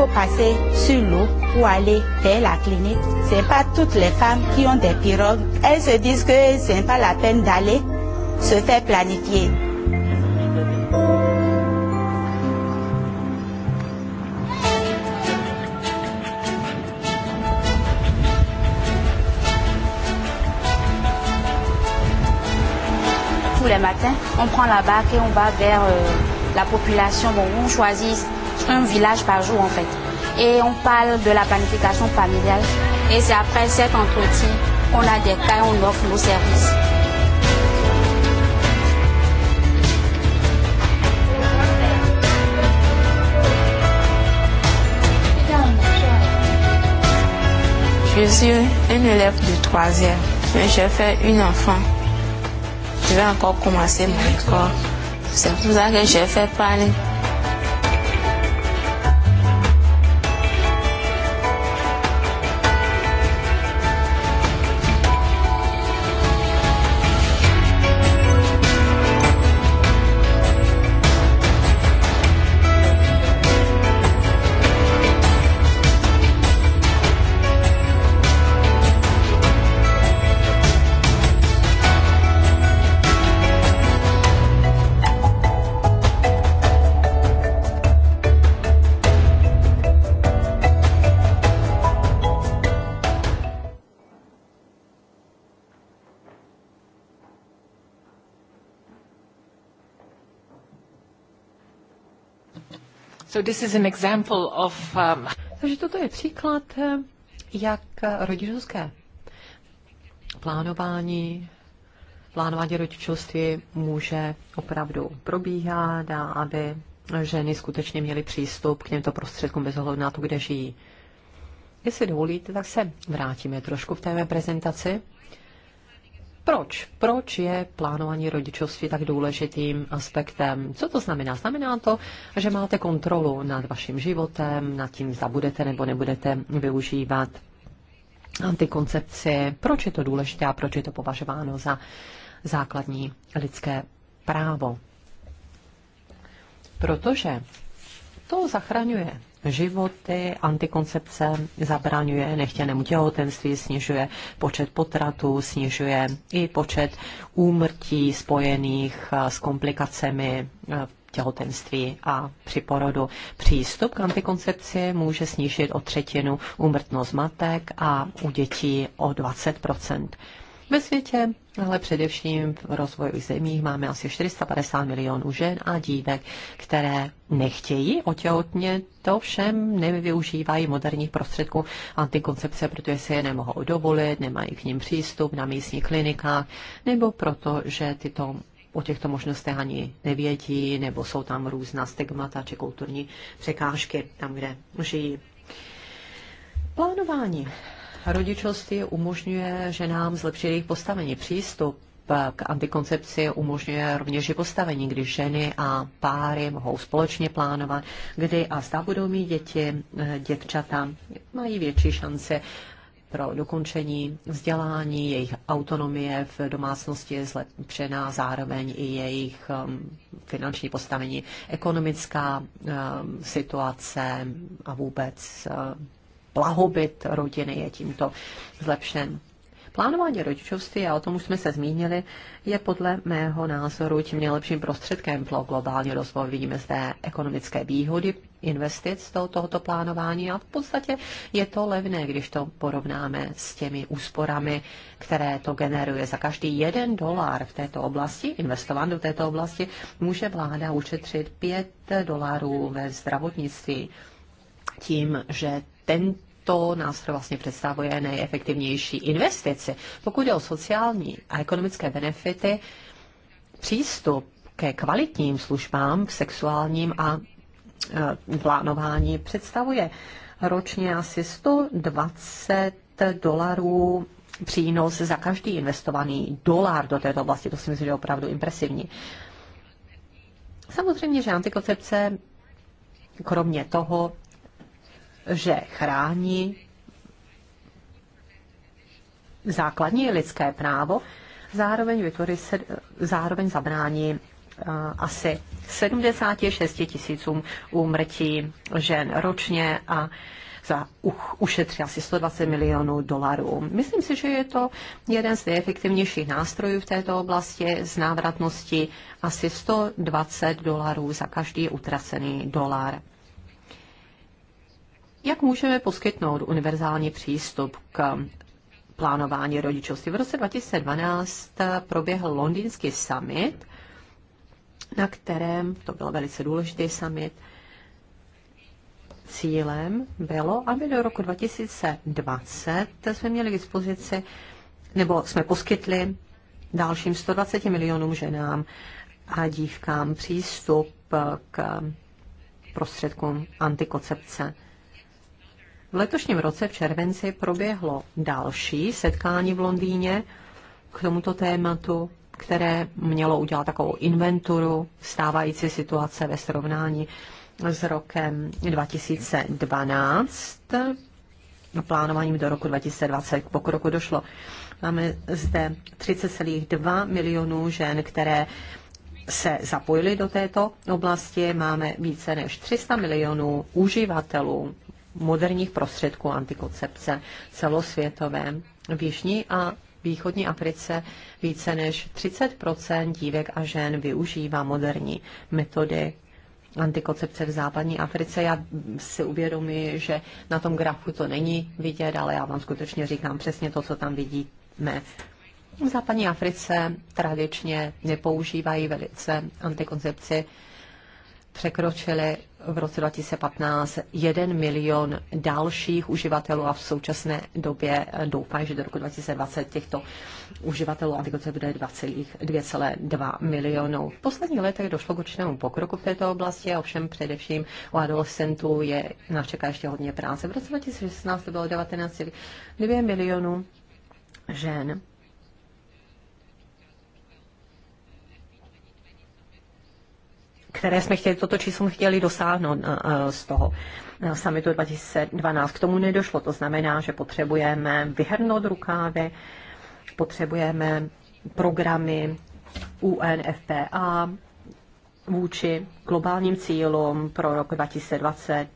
faut passer sur l'eau ou aller vers la clinique. Ce n'est pas toutes les femmes qui ont des pirogues. Elles se disent que ce n'est pas la peine d'aller se faire planifier. Tous les matins, on prend la barque et on va vers euh, la population. Bon, on choisit un village par jour en fait. Et on parle de la planification familiale. Et c'est après cet entretien qu'on a des cas et on offre nos services. Je suis un élève de troisième, mais j'ai fait une enfant. Je vais encore commencer mon école. C'est pour ça que j'ai fait parler this is an example of, um... Takže toto je příklad, jak rodičovské plánování, plánování rodičovství může opravdu probíhat a aby ženy skutečně měly přístup k těmto prostředkům bez ohledu na to, kde žijí. Jestli dovolíte, tak se vrátíme trošku v té mé prezentaci proč? Proč je plánování rodičovství tak důležitým aspektem? Co to znamená? Znamená to, že máte kontrolu nad vaším životem, nad tím, zda budete nebo nebudete využívat antikoncepci. Proč je to důležité a proč je to považováno za základní lidské právo? Protože to zachraňuje životy, antikoncepce zabraňuje nechtěnému těhotenství, snižuje počet potratů, snižuje i počet úmrtí spojených eh, s komplikacemi eh, těhotenství a při porodu. Přístup k antikoncepci může snížit o třetinu úmrtnost matek a u dětí o 20 ve světě, ale především v rozvojových zemích máme asi 450 milionů žen a dívek, které nechtějí otěhotnět, to všem nevyužívají moderních prostředků antikoncepce, protože si je nemohou dovolit, nemají k ním přístup na místních klinikách, nebo proto, že tyto o těchto možnostech ani nevědí, nebo jsou tam různá stigmata či kulturní překážky tam, kde žijí. Plánování Rodičovství umožňuje ženám zlepšit jejich postavení, přístup eh, k antikoncepci umožňuje rovněž i postavení, kdy ženy a páry mohou společně plánovat, kdy a zda budou mít děti, eh, děvčata, mají větší šance pro dokončení vzdělání, jejich autonomie v domácnosti je zlepšená, zároveň i jejich eh, finanční postavení, ekonomická situace a vůbec blahobyt rodiny je tímto zlepšen. Plánování rodičovství, a o tom už jsme se zmínili, je podle mého názoru tím nejlepším prostředkem pro globální rozvoj. Vidíme zde ekonomické výhody investic do tohoto plánování a v podstatě je to levné, když to porovnáme s těmi úsporami, které to generuje. Za každý jeden dolar v této oblasti, investován do této oblasti, může vláda ušetřit 5 dolarů ve zdravotnictví tím, že tento nástroj vlastně představuje nejefektivnější investici. Pokud je o sociální a ekonomické benefity, přístup ke kvalitním službám v sexuálním a e, plánování představuje ročně asi 120 dolarů přínos za každý investovaný dolar do této oblasti. To si myslím, že je opravdu impresivní. Samozřejmě, že antikoncepce kromě toho že chrání základní lidské právo, zároveň, vytvoří se, zároveň zabrání eh, asi 76 tisícům úmrtí žen ročně a za ušetří asi 120 milionů dolarů. Myslím si, že je to jeden z nejefektivnějších nástrojů v této oblasti z návratnosti asi 120 dolarů za každý utracený dolar. Jak můžeme poskytnout univerzální přístup k plánování rodičovství? V roce 2012 proběhl londýnský summit, na kterém, to byl velice důležitý summit, cílem bylo, aby do roku 2020 jsme měli k dispozici, nebo jsme poskytli dalším 120 milionům ženám a dívkám přístup k prostředkům antikoncepce. V letošním roce v červenci proběhlo další setkání v Londýně k tomuto tématu, které mělo udělat takovou inventuru stávající situace ve srovnání s rokem 2012 plánováním do roku 2020. K pokroku došlo. Máme zde 30,2 milionů žen, které se zapojily do této oblasti. Máme více než 300 milionů uživatelů moderních prostředků antikoncepce celosvětové. V Jižní a východní Africe více než 30 dívek a žen využívá moderní metody antikoncepce v západní Africe. Já si uvědomuji, že na tom grafu to není vidět, ale já vám skutečně říkám přesně to, co tam vidíme. V západní Africe tradičně nepoužívají velice antikoncepci překročili v roce 2015 1 milion dalších uživatelů a v současné době doufám, že do roku 2020 těchto uživatelů a to bude 2,2 milionů. V posledních letech došlo k určitému pokroku v této oblasti, ovšem především u adolescentů je nás čeká ještě hodně práce. V roce 2016 to bylo 19,2 milionů žen které jsme chtěli, toto číslo chtěli dosáhnout eh, eh, z toho eh, samitu 2012. K tomu nedošlo, to znamená, že potřebujeme vyhrnout rukávy, potřebujeme programy UNFPA vůči globálním cílům pro rok 2020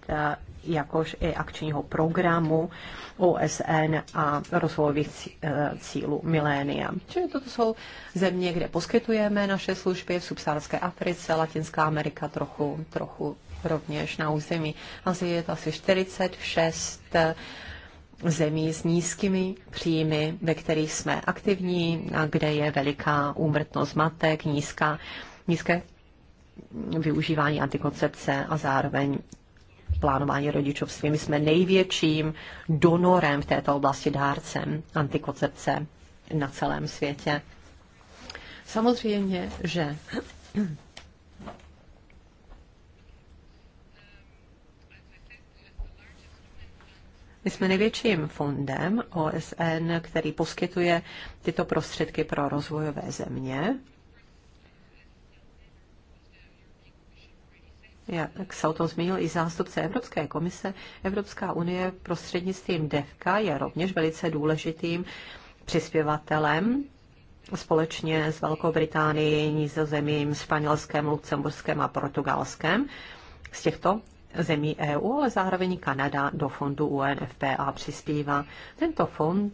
jakož i akčního programu OSN a rozvojových eh, cílů milénia. Čili toto jsou země, kde poskytujeme naše služby v subsárské Africe, Latinská Amerika trochu, trochu rovněž na území Asi je to asi 46 eh, zemí s nízkými příjmy, ve kterých jsme aktivní a kde je veliká úmrtnost matek, nízká, nízké využívání antikoncepce a zároveň plánování rodičovství. My jsme největším donorem v této oblasti dárcem antikoncepce na celém světě. Samozřejmě, že My jsme největším fondem OSN, který poskytuje tyto prostředky pro rozvojové země jak se o tom zmínil i zástupce Evropské komise, Evropská unie prostřednictvím DEVKA je rovněž velice důležitým přispěvatelem společně s Velkou Británií, Nizozemím, Španělskem, Lucemburskem a Portugalskem z těchto zemí EU, ale zároveň Kanada do fondu UNFPA přispívá. Tento fond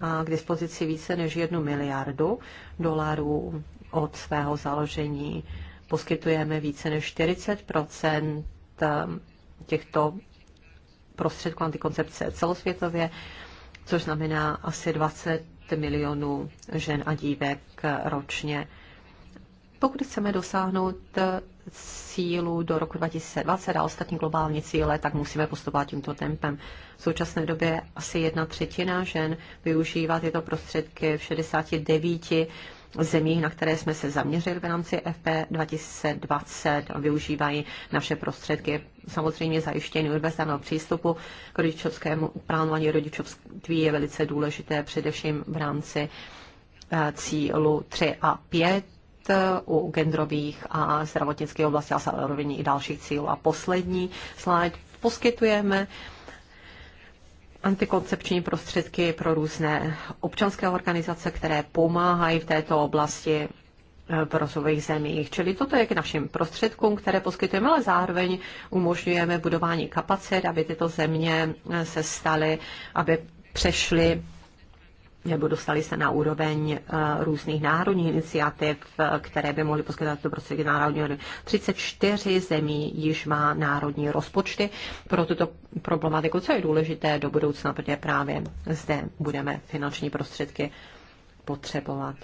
má k dispozici více než jednu miliardu dolarů od svého založení poskytujeme více než 40 um, těchto prostředků antikoncepce celosvětově, což znamená asi 20 milionů žen a dívek ročně. Pokud chceme dosáhnout uh, cílu do roku 2020 a ostatní globální cíle, tak musíme postupovat tímto tempem. V současné době asi jedna třetina žen využívá tyto prostředky v 69 zemí, na které jsme se zaměřili v rámci FP 2020 a využívají naše prostředky. Samozřejmě zajištění univerzálního přístupu k rodičovskému plánování rodičovství je velice důležité, především v rámci eh, cílu 3 a 5 eh, u genderových a zdravotnických oblastí a zároveň i dalších cílů. A poslední slide poskytujeme uh, antikoncepční prostředky pro různé občanské organizace, které pomáhají v této oblasti eh, v rozvojových zemích. Čili toto je k našim prostředkům, které poskytujeme, ale zároveň umožňujeme budování kapacit, aby tyto země eh, se staly, aby přešly nebo dostali se na úroveň eh, různých národních iniciativ, eh, které by mohly poskytovat to prostředí národní 34 zemí již má národní rozpočty pro tuto problematiku, co je důležité do budoucna, protože právě zde budeme finanční prostředky potřebovat.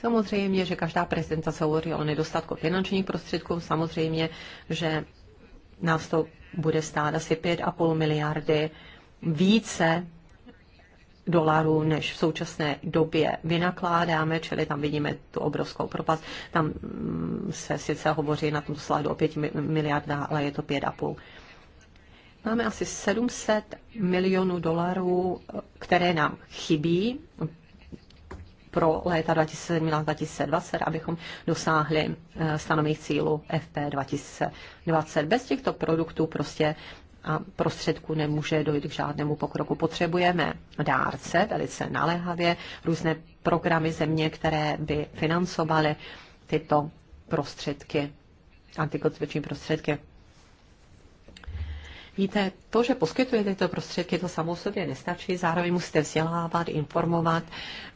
Samozřejmě, že každá prezentace hovoří o nedostatku finančních prostředků, samozřejmě, že nás to bude stát asi 5,5 miliardy více dolarů, než v současné době vynakládáme, čili tam vidíme tu obrovskou propast. Tam mm, se sice hovoří na tomto sládu o 5 miliardách, ale je to 5,5. Máme asi 700 milionů dolarů, které nám chybí pro léta 2017-2020, abychom dosáhli eh, stanových cílů FP 2020. Bez těchto produktů prostě a prostředku nemůže dojít k žádnému pokroku. Potřebujeme dárce velice naléhavě, různé programy země, které by financovaly tyto prostředky, antikoncepční prostředky. Víte, to, že poskytujete tyto prostředky, to samo sobě nestačí. Zároveň musíte vzdělávat, informovat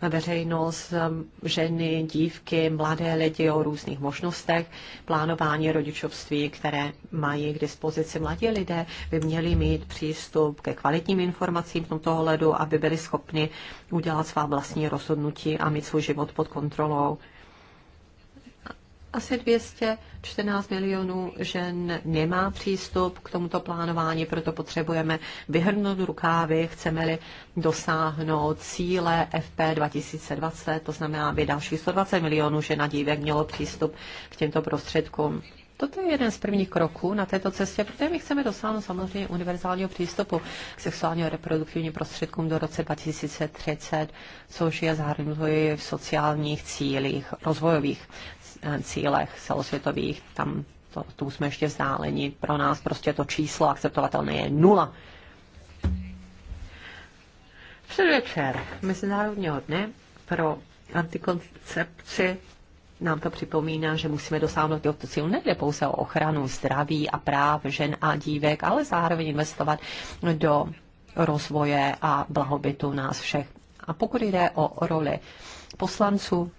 veřejnost, um, ženy, dívky, mladé lidi o různých možnostech, plánování rodičovství, které mají k dispozici mladí lidé, by měli mít přístup ke kvalitním informacím v tomto ohledu, aby byli schopni udělat svá vlastní rozhodnutí a mít svůj život pod kontrolou. Asi 214 milionů žen nemá přístup k tomuto plánování, proto potřebujeme vyhrnout rukávy, chceme-li dosáhnout cíle FP 2020, to znamená, aby dalších 120 milionů žen a dívek mělo přístup k těmto prostředkům. Toto je jeden z prvních kroků na této cestě, protože my chceme dosáhnout samozřejmě univerzálního přístupu k sexuálně a reproduktivním prostředkům do roce 2030, což je zahrnuto v sociálních cílích rozvojových. Eh, cílech celosvětových, tam to, tu jsme ještě vzdáleni. Pro nás prostě to číslo akceptovatelné je nula. Předvečer Mezinárodního dne pro antikoncepci nám to připomíná, že musíme dosáhnout těchto cílů. Nejde pouze o ochranu zdraví a práv žen a dívek, ale zároveň investovat do rozvoje a blahobytu nás všech. A pokud jde o roli poslanců,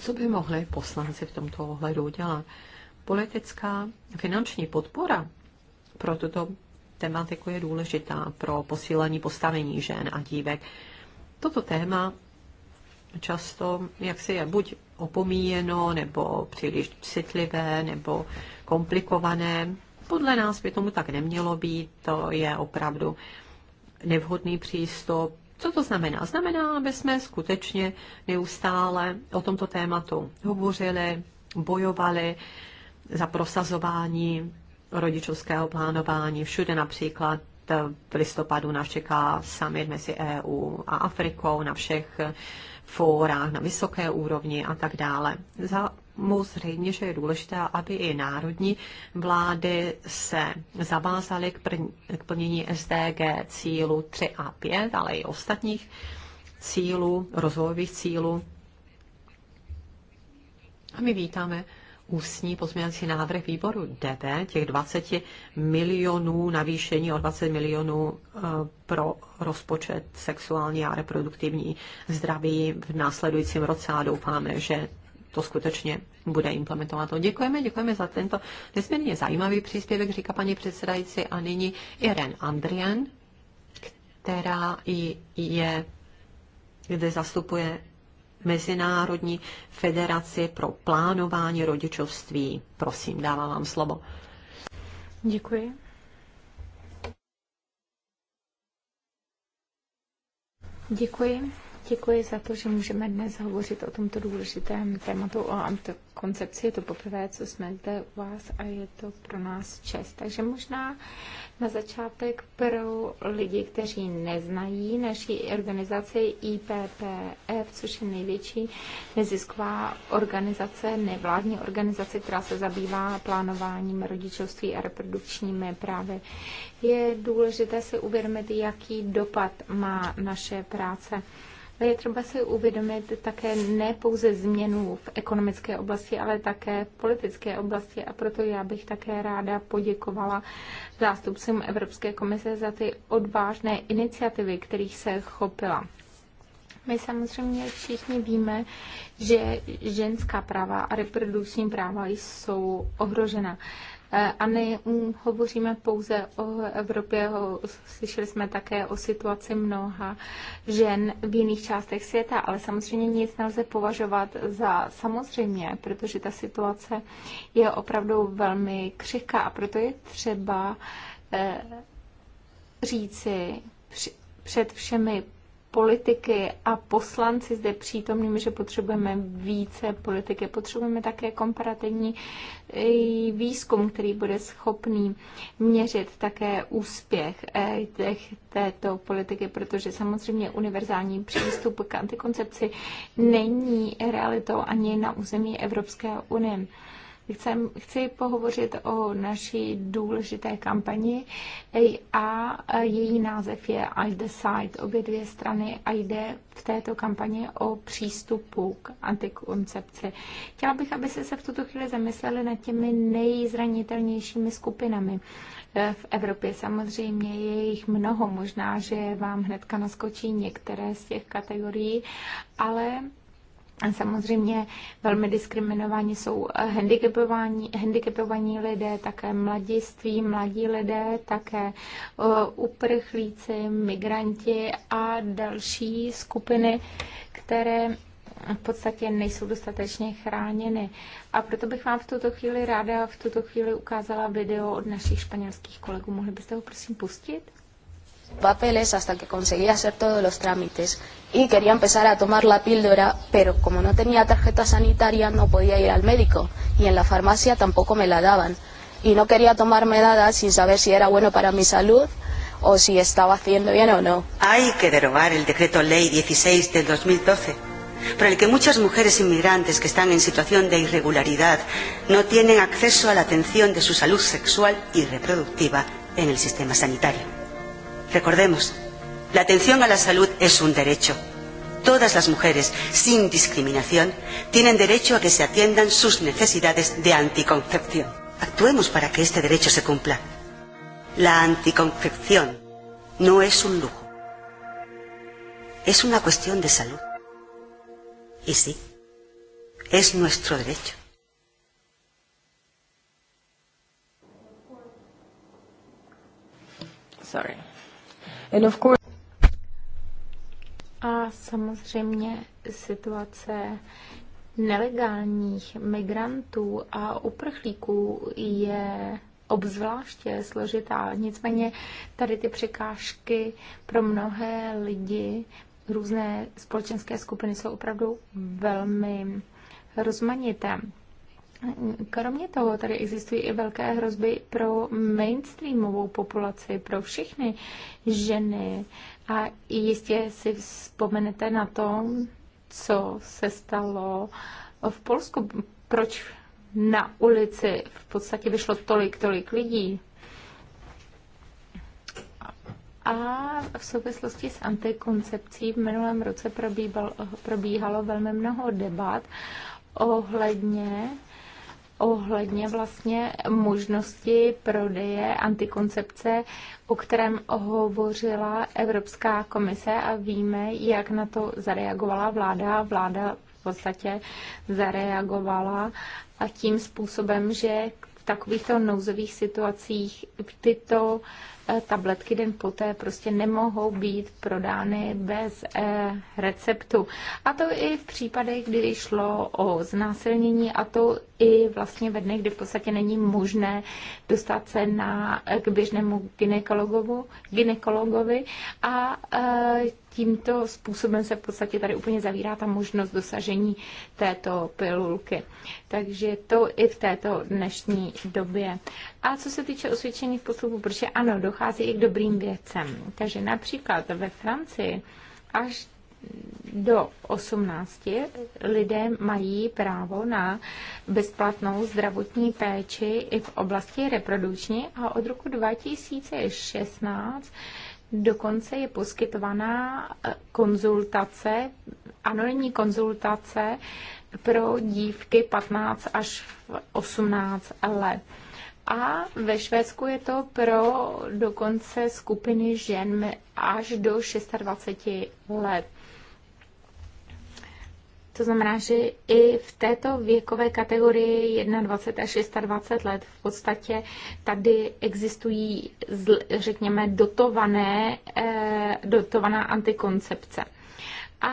co by mohli poslanci v tomto ohledu udělat? Politická finanční podpora pro tuto tematiku je důležitá pro posílení postavení žen a dívek. Toto téma často jak si je buď opomíjeno, nebo příliš citlivé, nebo komplikované. Podle nás by tomu tak nemělo být, to je opravdu nevhodný přístup, co to znamená? Znamená, aby jsme skutečně neustále o tomto tématu hovořili, bojovali za prosazování rodičovského plánování. Všude například v listopadu nás čeká summit mezi EU a Afrikou na všech fórách na vysoké úrovni a tak dále. Za mu zřejmě, že je důležité, aby i národní vlády se zavázaly k, k plnění SDG cílu 3 a 5, ale i ostatních cílů, rozvojových cílů. A my vítáme ústní pozměňovací návrh výboru DB, těch 20 milionů, navýšení o 20 milionů eh, pro rozpočet sexuální a reproduktivní zdraví v následujícím roce a doufáme, že to skutečně bude implementováno. Děkujeme, děkujeme za tento nesmírně zajímavý příspěvek, říká paní předsedající. A nyní Irene Andrian, která je, kde zastupuje Mezinárodní federaci pro plánování rodičovství. Prosím, dávám vám slovo. Děkuji. Děkuji Děkuji za to, že můžeme dnes hovořit o tomto důležitém tématu, o koncepci. Je to poprvé, co jsme zde u vás a je to pro nás čest. Takže možná na začátek pro lidi, kteří neznají naší organizaci IPPF, což je největší nezisková organizace, nevládní organizace, která se zabývá plánováním rodičovství a reprodukčními právy. Je důležité si uvědomit, jaký dopad má naše práce ale je třeba si uvědomit také ne pouze změnu v ekonomické oblasti, ale také v politické oblasti. A proto já bych také ráda poděkovala zástupcům Evropské komise za ty odvážné iniciativy, kterých se chopila. My samozřejmě všichni víme, že ženská práva a reprodukční práva jsou ohrožena. Eh, a mm, hovoříme pouze o Evropě, ho, slyšeli jsme také o situaci mnoha žen v jiných částech světa, ale samozřejmě nic nelze považovat za samozřejmě, protože ta situace je opravdu velmi křehká a proto je třeba eh, říci před všemi politiky a poslanci zde přítomnými, že potřebujeme více politiky. Potřebujeme také komparativní eh, výzkum, který bude schopný měřit také úspěch eh, těch, této politiky, protože samozřejmě univerzální přístup k antikoncepci není realitou ani na území Evropské unie. Chcem, chci pohovořit o naší důležité kampani a její název je I Decide. Obě dvě strany a jde v této kampani o přístupu k antikoncepci. Chtěla bych, aby se se v tuto chvíli zamysleli nad těmi nejzranitelnějšími skupinami eh, v Evropě. Samozřejmě je jich mnoho, možná, že vám hnedka naskočí některé z těch kategorií, ale Samozřejmě velmi diskriminováni jsou eh, handicapovaní, handicapovaní lidé, také mladiství, mladí lidé, také eh, uprchlíci, migranti a další skupiny, které v podstatě nejsou dostatečně chráněny. A proto bych vám v tuto chvíli ráda v tuto chvíli ukázala video od našich španělských kolegů. Mohli byste ho prosím pustit? papeles hasta que conseguí hacer todos los trámites. Y quería empezar a tomar la píldora, pero como no tenía tarjeta sanitaria no podía ir al médico y en la farmacia tampoco me la daban. Y no quería tomarme nada sin saber si era bueno para mi salud o si estaba haciendo bien o no. Hay que derogar el decreto ley 16 del 2012, por el que muchas mujeres inmigrantes que están en situación de irregularidad no tienen acceso a la atención de su salud sexual y reproductiva en el sistema sanitario. Recordemos, la atención a la salud es un derecho. Todas las mujeres, sin discriminación, tienen derecho a que se atiendan sus necesidades de anticoncepción. Actuemos para que este derecho se cumpla. La anticoncepción no es un lujo. Es una cuestión de salud. Y sí, es nuestro derecho. Sorry. And of course... A samozřejmě situace nelegálních migrantů a uprchlíků je obzvláště složitá. Nicméně tady ty překážky pro mnohé lidi, různé společenské skupiny jsou opravdu velmi rozmanité. Kromě toho tady existují i velké hrozby pro mainstreamovou populaci, pro všechny ženy. A jistě si vzpomenete na to, co se stalo v Polsku, proč na ulici v podstatě vyšlo tolik, tolik lidí. A v souvislosti s antikoncepcí v minulém roce probíhalo, probíhalo velmi mnoho debat ohledně ohledně vlastně možnosti prodeje antikoncepce, o kterém hovořila Evropská komise a víme, jak na to zareagovala vláda. Vláda v podstatě zareagovala a tím způsobem, že takovýchto nouzových situacích tyto eh, tabletky den poté prostě nemohou být prodány bez eh, receptu. A to i v případech, kdy šlo o znásilnění a to i vlastně ve dnech, kdy v podstatě není možné dostat se na, eh, k běžnému ginekologovi, ginekologovi a tímto způsobem se v podstatě tady úplně zavírá ta možnost dosažení této pilulky. Takže to i v této dnešní době. A co se týče v postupu, protože ano, dochází i k dobrým věcem. Takže například ve Francii až do 18 lidé mají právo na bezplatnou zdravotní péči i v oblasti reprodukční a od roku 2016 Dokonce je poskytovaná eh, konzultace, anonymní konzultace pro dívky 15 až 18 let. A ve Švédsku je to pro dokonce skupiny žen až do 26 let. To znamená, že i v této věkové kategorii 21 až 26 let v podstatě tady existují, řekněme, dotované, eh, dotovaná antikoncepce. A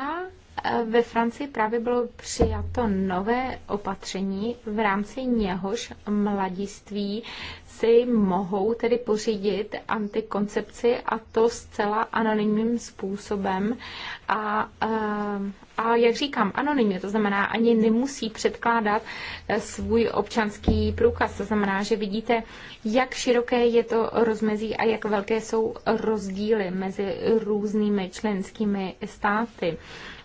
ve Francii právě bylo přijato nové opatření, v rámci něhož mladiství si mohou tedy pořídit antikoncepci a to zcela anonymním způsobem. A, eh, a jak říkám, anonymně, to znamená, ani nemusí předkládat eh, svůj občanský průkaz. To znamená, že vidíte, jak široké je to rozmezí a jak velké jsou rozdíly mezi různými členskými státy.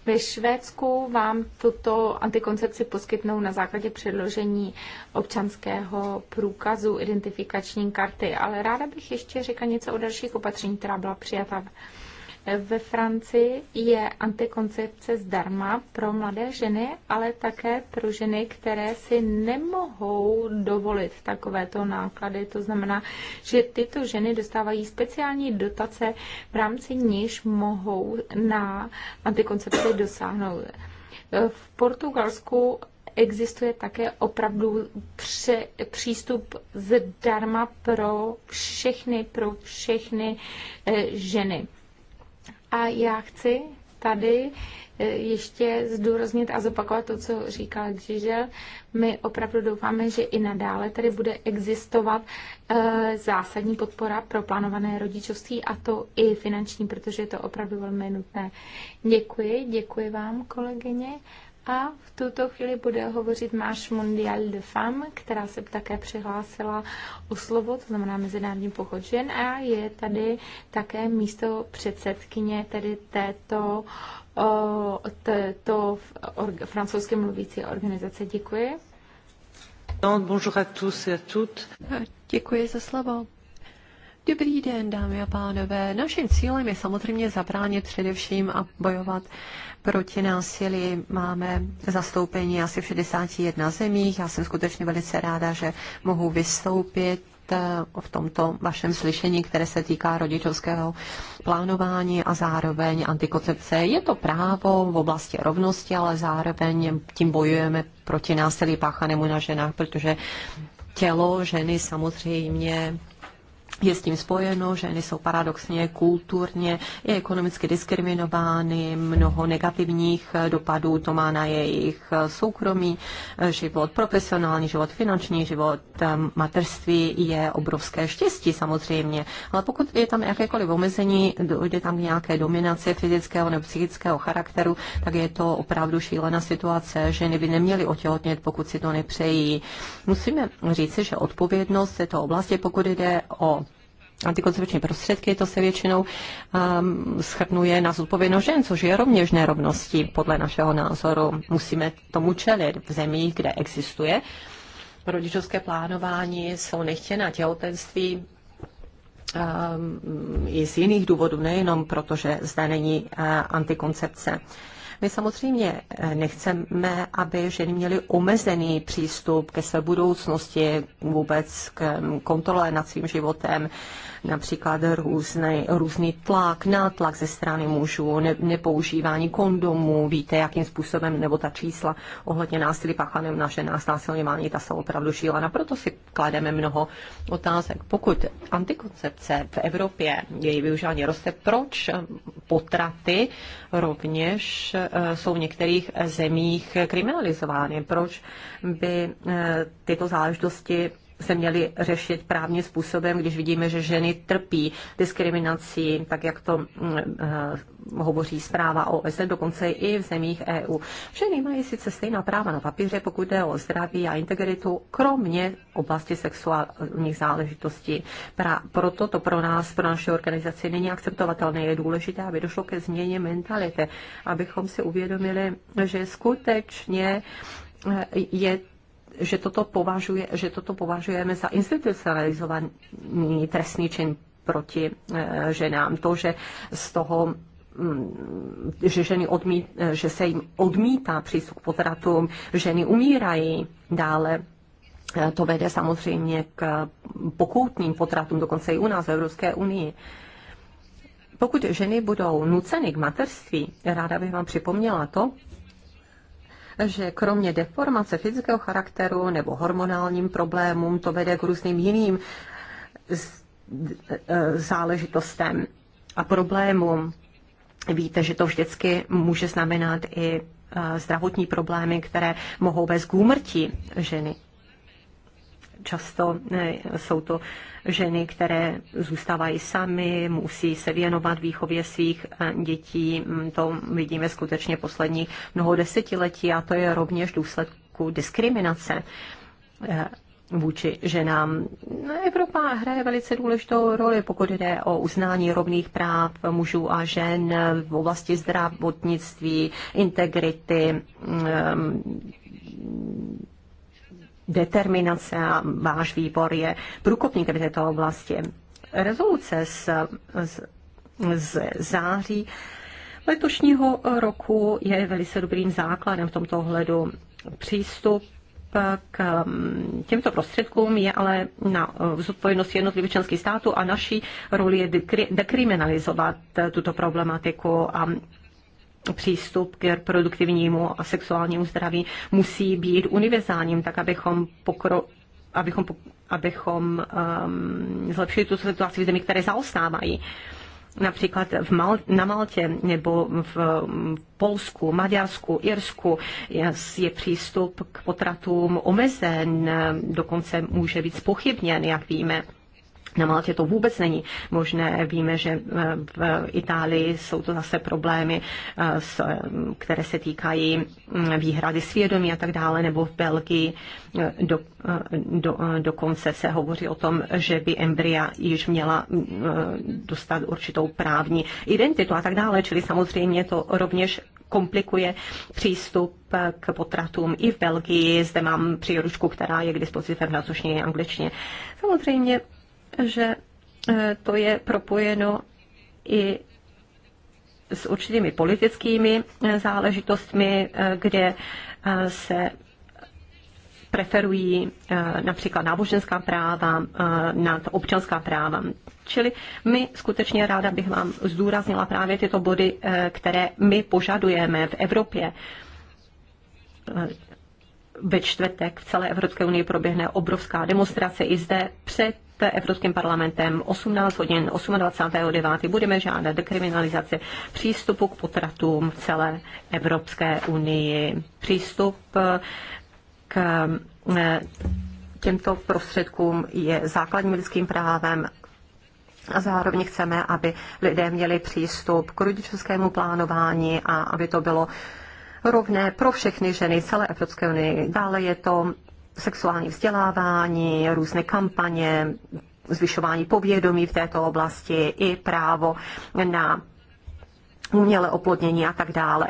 Ve Švédsku vám tuto antikoncepci poskytnou na základě předložení občanského průkazu, identifikační karty, ale ráda bych ještě řekla něco o dalších opatření, která byla přijata ve Francii je antikoncepce zdarma pro mladé ženy, ale také pro ženy, které si nemohou dovolit takovéto náklady. To znamená, že tyto ženy dostávají speciální dotace, v rámci níž mohou na antikoncepci dosáhnout. V Portugalsku existuje také opravdu pře, přístup zdarma pro všechny, pro všechny e, ženy. A já chci tady eh, ještě zdůraznit a zopakovat to, co říkal Žižel. My opravdu doufáme, že i nadále tady bude existovat eh, zásadní podpora pro plánované rodičovství a to i finanční, protože je to opravdu velmi nutné. Děkuji, děkuji vám, kolegyně. A v tuto chvíli bude hovořit Máš Mondial de Femme, která se také přihlásila o slovo, to znamená Mezinárodní pochod žen a je tady také místo předsedkyně tedy této této francouzské mluvící organizace. Děkuji. Bonjour à tous et à toutes. Děkuji za slovo. Dobrý den, dámy a pánové. Naším cílem je samozřejmě zabránit především a bojovat proti násilí máme zastoupení asi v 61 zemích. Já jsem skutečně velice ráda, že mohu vystoupit eh, v tomto vašem slyšení, které se týká rodičovského plánování a zároveň antikoncepce. Je to právo v oblasti rovnosti, ale zároveň tím bojujeme proti násilí páchanému na ženách, protože tělo ženy samozřejmě je s tím spojeno, ženy jsou paradoxně kulturně i ekonomicky diskriminovány, mnoho negativních dopadů to má na jejich soukromý život, profesionální život, finanční život, materství je obrovské štěstí samozřejmě, ale pokud je tam jakékoliv omezení, dojde tam nějaké dominace fyzického nebo psychického charakteru, tak je to opravdu šílená situace. Ženy by neměly otěhotnět, pokud si to nepřejí. Musíme říci, že odpovědnost v této oblasti, pokud jde o antikoncepční prostředky, to se většinou um, schrnuje na zodpovědnost žen, což je rovněž nerovností podle našeho názoru. Musíme tomu čelit v zemích, kde existuje rodičovské plánování, jsou nechtěna těhotenství um, i z jiných důvodů, nejenom protože zde není uh, antikoncepce. My samozřejmě eh, nechceme, aby ženy měly omezený přístup ke své budoucnosti, vůbec k mm, kontrole nad svým životem, například různý, různý tlak, nátlak ze strany mužů, ne, nepoužívání kondomů, víte, jakým způsobem, nebo ta čísla ohledně násilí páchanem na ženách, násilňování, ta jsou opravdu šílená. Proto si klademe mnoho otázek. Pokud antikoncepce v Evropě, její využívání roste, proč potraty rovněž eh, jsou v některých zemích kriminalizovány? Proč by eh, tyto záležitosti se měly řešit právním způsobem, když vidíme, že ženy trpí diskriminací, tak jak to mm, eh, hovoří zpráva OSN, e, dokonce i v zemích EU. Ženy mají sice stejná práva na papíře, pokud jde o zdraví a integritu, kromě oblasti sexuálních záležitostí. Pra, proto to pro nás, pro naše organizaci není akceptovatelné. Je důležité, aby došlo ke změně mentality, abychom si uvědomili, že skutečně eh, je že toto, považuje, že toto považujeme za institucionalizovaný trestný čin proti eh, ženám. To, že z toho mm, že, ženy odmít, eh, že se jim odmítá přístup k potratům, ženy umírají dále. Eh, to vede samozřejmě k pokoutním potratům, dokonce i u nás v Evropské unii. Pokud ženy budou nuceny k materství, ráda bych vám připomněla to, že kromě deformace fyzického charakteru nebo hormonálním problémům to vede k různým jiným e, záležitostem a problémům. Víte, že to vždycky může znamenat i e, zdravotní problémy, které mohou vést k úmrtí ženy často jsou to ženy, které zůstávají sami, musí se věnovat výchově svých eh, dětí. Mm, to vidíme skutečně poslední mnoho desetiletí a to je rovněž důsledku diskriminace eh, vůči ženám. Evropa hraje velice důležitou roli, pokud jde o uznání rovných práv mužů a žen v oblasti zdravotnictví, integrity, mm, determinace a váš výbor je průkopníkem této oblasti. Rezoluce z, z, z září letošního roku je velice dobrým základem v tomto ohledu. Přístup k um, těmto prostředkům je ale na zodpovědnosti jednotlivých členských států a naší roli je dekriminalizovat eh, tuto problematiku a přístup k reproduktivnímu a sexuálnímu zdraví musí být univerzálním, tak abychom pokro, abychom, abychom um, zlepšili tu situaci v zemích, které zaostávají. Například v Mal- na Maltě nebo v Polsku, Maďarsku, Irsku je přístup k potratům omezen, dokonce může být spochybněn, jak víme. Na Maltě to vůbec není možné. Víme, že eh, v Itálii jsou to zase problémy, eh, eh, které se týkají mm, výhrady svědomí a tak dále, nebo v Belgii do, do, dokonce se hovoří o tom, že by embrya již měla mm, dostat určitou právní identitu a tak dále. Čili samozřejmě to rovněž komplikuje přístup k potratům i v Belgii. Zde mám příručku, která je k dispozici v francouzštině i angličtině. Samozřejmě že eh, to je propojeno i s určitými politickými eh, záležitostmi, eh, kde se preferují například náboženská práva nad občanská práva. Čili my skutečně ráda bych vám zdůraznila právě tyto body, které my požadujeme v Evropě. Ve čtvrtek v celé Evropské unii proběhne obrovská demonstrace i zde před Evropským parlamentem 18 hodin 28.9. budeme žádat dekriminalizaci přístupu k potratům v celé Evropské unii. Přístup eh, k eh, těmto prostředkům je základním lidským právem a zároveň chceme, aby lidé měli přístup k rodičovskému plánování a aby to bylo rovné pro všechny ženy celé Evropské unie. Dále je to sexuální vzdělávání, různé kampaně, zvyšování povědomí v této oblasti i právo na umělé oplodnění a tak dále.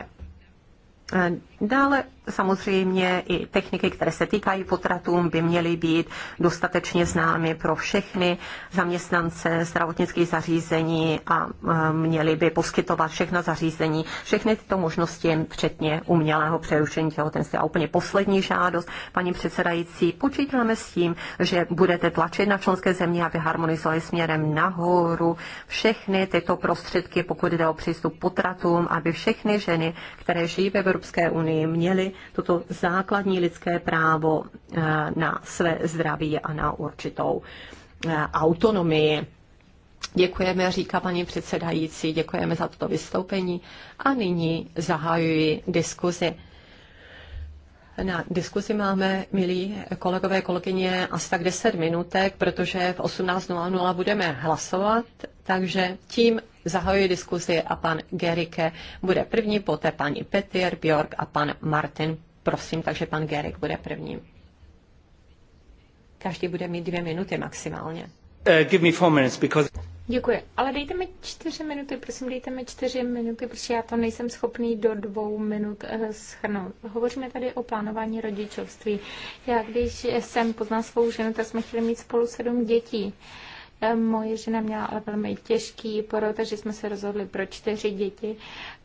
Dále samozřejmě i techniky, které se týkají potratům, by měly být dostatečně známy pro všechny zaměstnance zdravotnických zařízení a e, měly by poskytovat všechna zařízení, všechny tyto možnosti, včetně umělého přerušení těhotenství. A úplně poslední žádost, paní předsedající, počítáme s tím, že budete tlačit na členské země, aby harmonizovali směrem nahoru všechny tyto prostředky, pokud jde o přístup potratům, aby všechny ženy, které žijí ve Evropské unii, unii měli toto základní lidské právo eh, na své zdraví a na určitou eh, autonomii. Děkujeme, říká paní předsedající, děkujeme za toto vystoupení a nyní zahajuji diskuzi na diskusi máme, milí kolegové, kolegyně, asi tak 10 minutek, protože v 18.00 budeme hlasovat, takže tím zahajuji diskusi a pan Gerike bude první, poté paní Petir, Björk a pan Martin. Prosím, takže pan Gerik bude první. Každý bude mít dvě minuty maximálně. Uh, give me four minutes because... Děkuji. Ale dejte mi čtyři minuty, prosím, dejte mi čtyři minuty, protože já to nejsem schopný do dvou minut eh, schrnout. Hovoříme tady o plánování rodičovství. Já když jsem poznal svou ženu, tak jsme chtěli mít spolu sedm dětí. Eh, moje žena měla ale velmi těžký porod, takže jsme se rozhodli pro čtyři děti.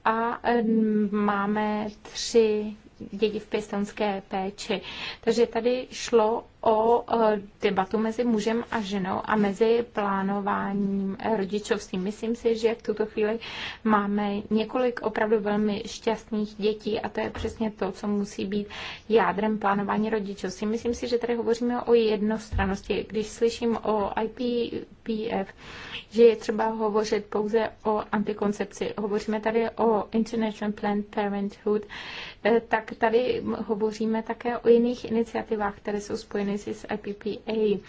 A eh, máme tři děti v pěstonské péči. Takže tady šlo o e, debatu mezi mužem a ženou a mezi plánováním rodičovství. Myslím si, že v tuto chvíli máme několik opravdu velmi šťastných dětí a to je přesně to, co musí být jádrem plánování rodičovství. Myslím si, že tady hovoříme o jednostranosti. Když slyším o IPPF, že je třeba hovořit pouze o antikoncepci, hovoříme tady o International Planned Parenthood, e, tak tady hovoříme také o jiných iniciativách, které jsou spojeny Genesis a PPA.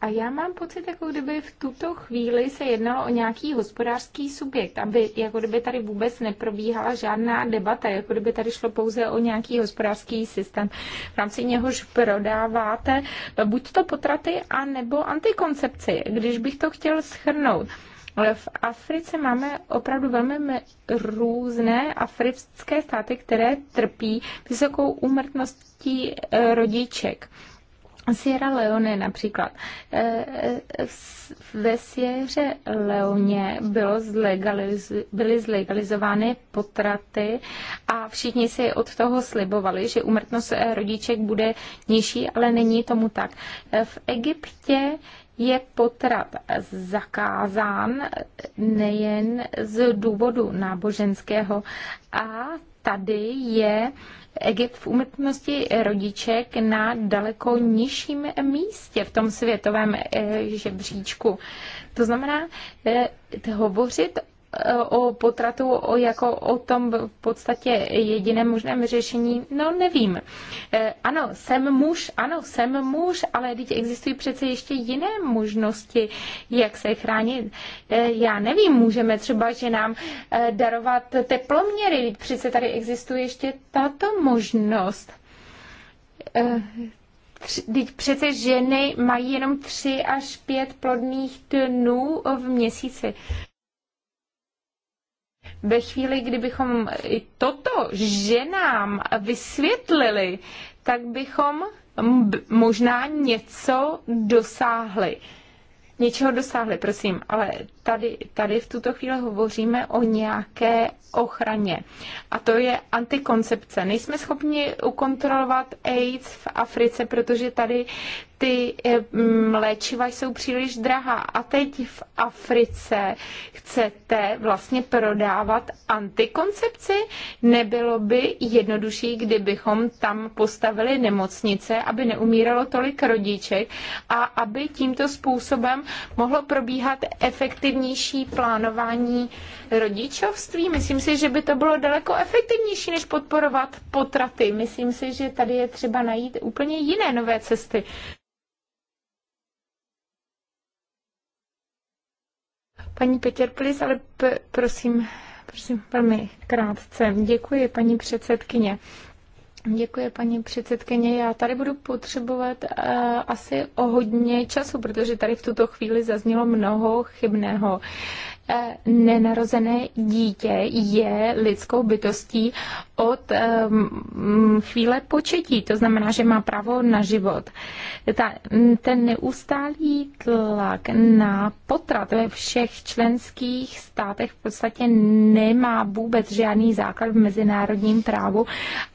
A já mám pocit, jako kdyby v tuto chvíli se jednalo o nějaký hospodářský subjekt, aby jako kdyby tady vůbec neprobíhala žádná debata, jako kdyby tady šlo pouze o nějaký hospodářský systém. V rámci něhož prodáváte buď to potraty, anebo antikoncepci, když bych to chtěl schrnout. Ale v Africe máme opravdu velmi různé africké státy, které trpí vysokou úmrtností eh, rodiček. Sierra Leone například. Eh, eh, ve Sierra Leone bylo zlegaliz, byly zlegalizovány potraty a všichni si od toho slibovali, že umrtnost eh, rodiček bude nižší, ale není tomu tak. V Egyptě je potrat zakázán nejen z důvodu náboženského a tady je Egypt v umětnosti rodiček na daleko nižším místě v tom světovém eh, žebříčku. To znamená, eh, hovořit Eh, o potratu o, jako o tom v podstatě jediném možném řešení, no nevím. Eh, ano, jsem muž, ano, jsem muž, ale teď existují přece ještě jiné možnosti, jak se chránit. Eh, já nevím, můžeme třeba že nám darovat teploměry, přece tady existuje ještě tato možnost. Teď přece ženy mají jenom tři až pět plodných dnů v měsíci ve chvíli, kdybychom i toto ženám vysvětlili, tak bychom možná něco dosáhli. Něčeho dosáhli, prosím, ale tady, tady v tuto chvíli hovoříme o nějaké ochraně. A to je antikoncepce. Nejsme schopni ukontrolovat AIDS v Africe, protože tady ty eh, mm, léčiva jsou příliš drahá. A teď v Africe chcete vlastně prodávat antikoncepci? Nebylo by jednodušší, kdybychom tam postavili nemocnice, aby neumíralo tolik rodiček a aby tímto způsobem mohlo probíhat efektivnější plánování rodičovství? Myslím si, že by to bylo daleko efektivnější, než podporovat potraty. Myslím si, že tady je třeba najít úplně jiné nové cesty. Paní Petěr, please, ale prosím, prosím, velmi krátce. Děkuji, paní předsedkyně. Děkuji, paní předsedkyně. Já tady budu potřebovat uh, asi o hodně času, protože tady v tuto chvíli zaznělo mnoho chybného. E, nenarozené dítě je lidskou bytostí od e, chvíle početí, to znamená, že má právo na život. Ta, ten neustálý tlak na potrat ve všech členských státech v podstatě nemá vůbec žádný základ v mezinárodním právu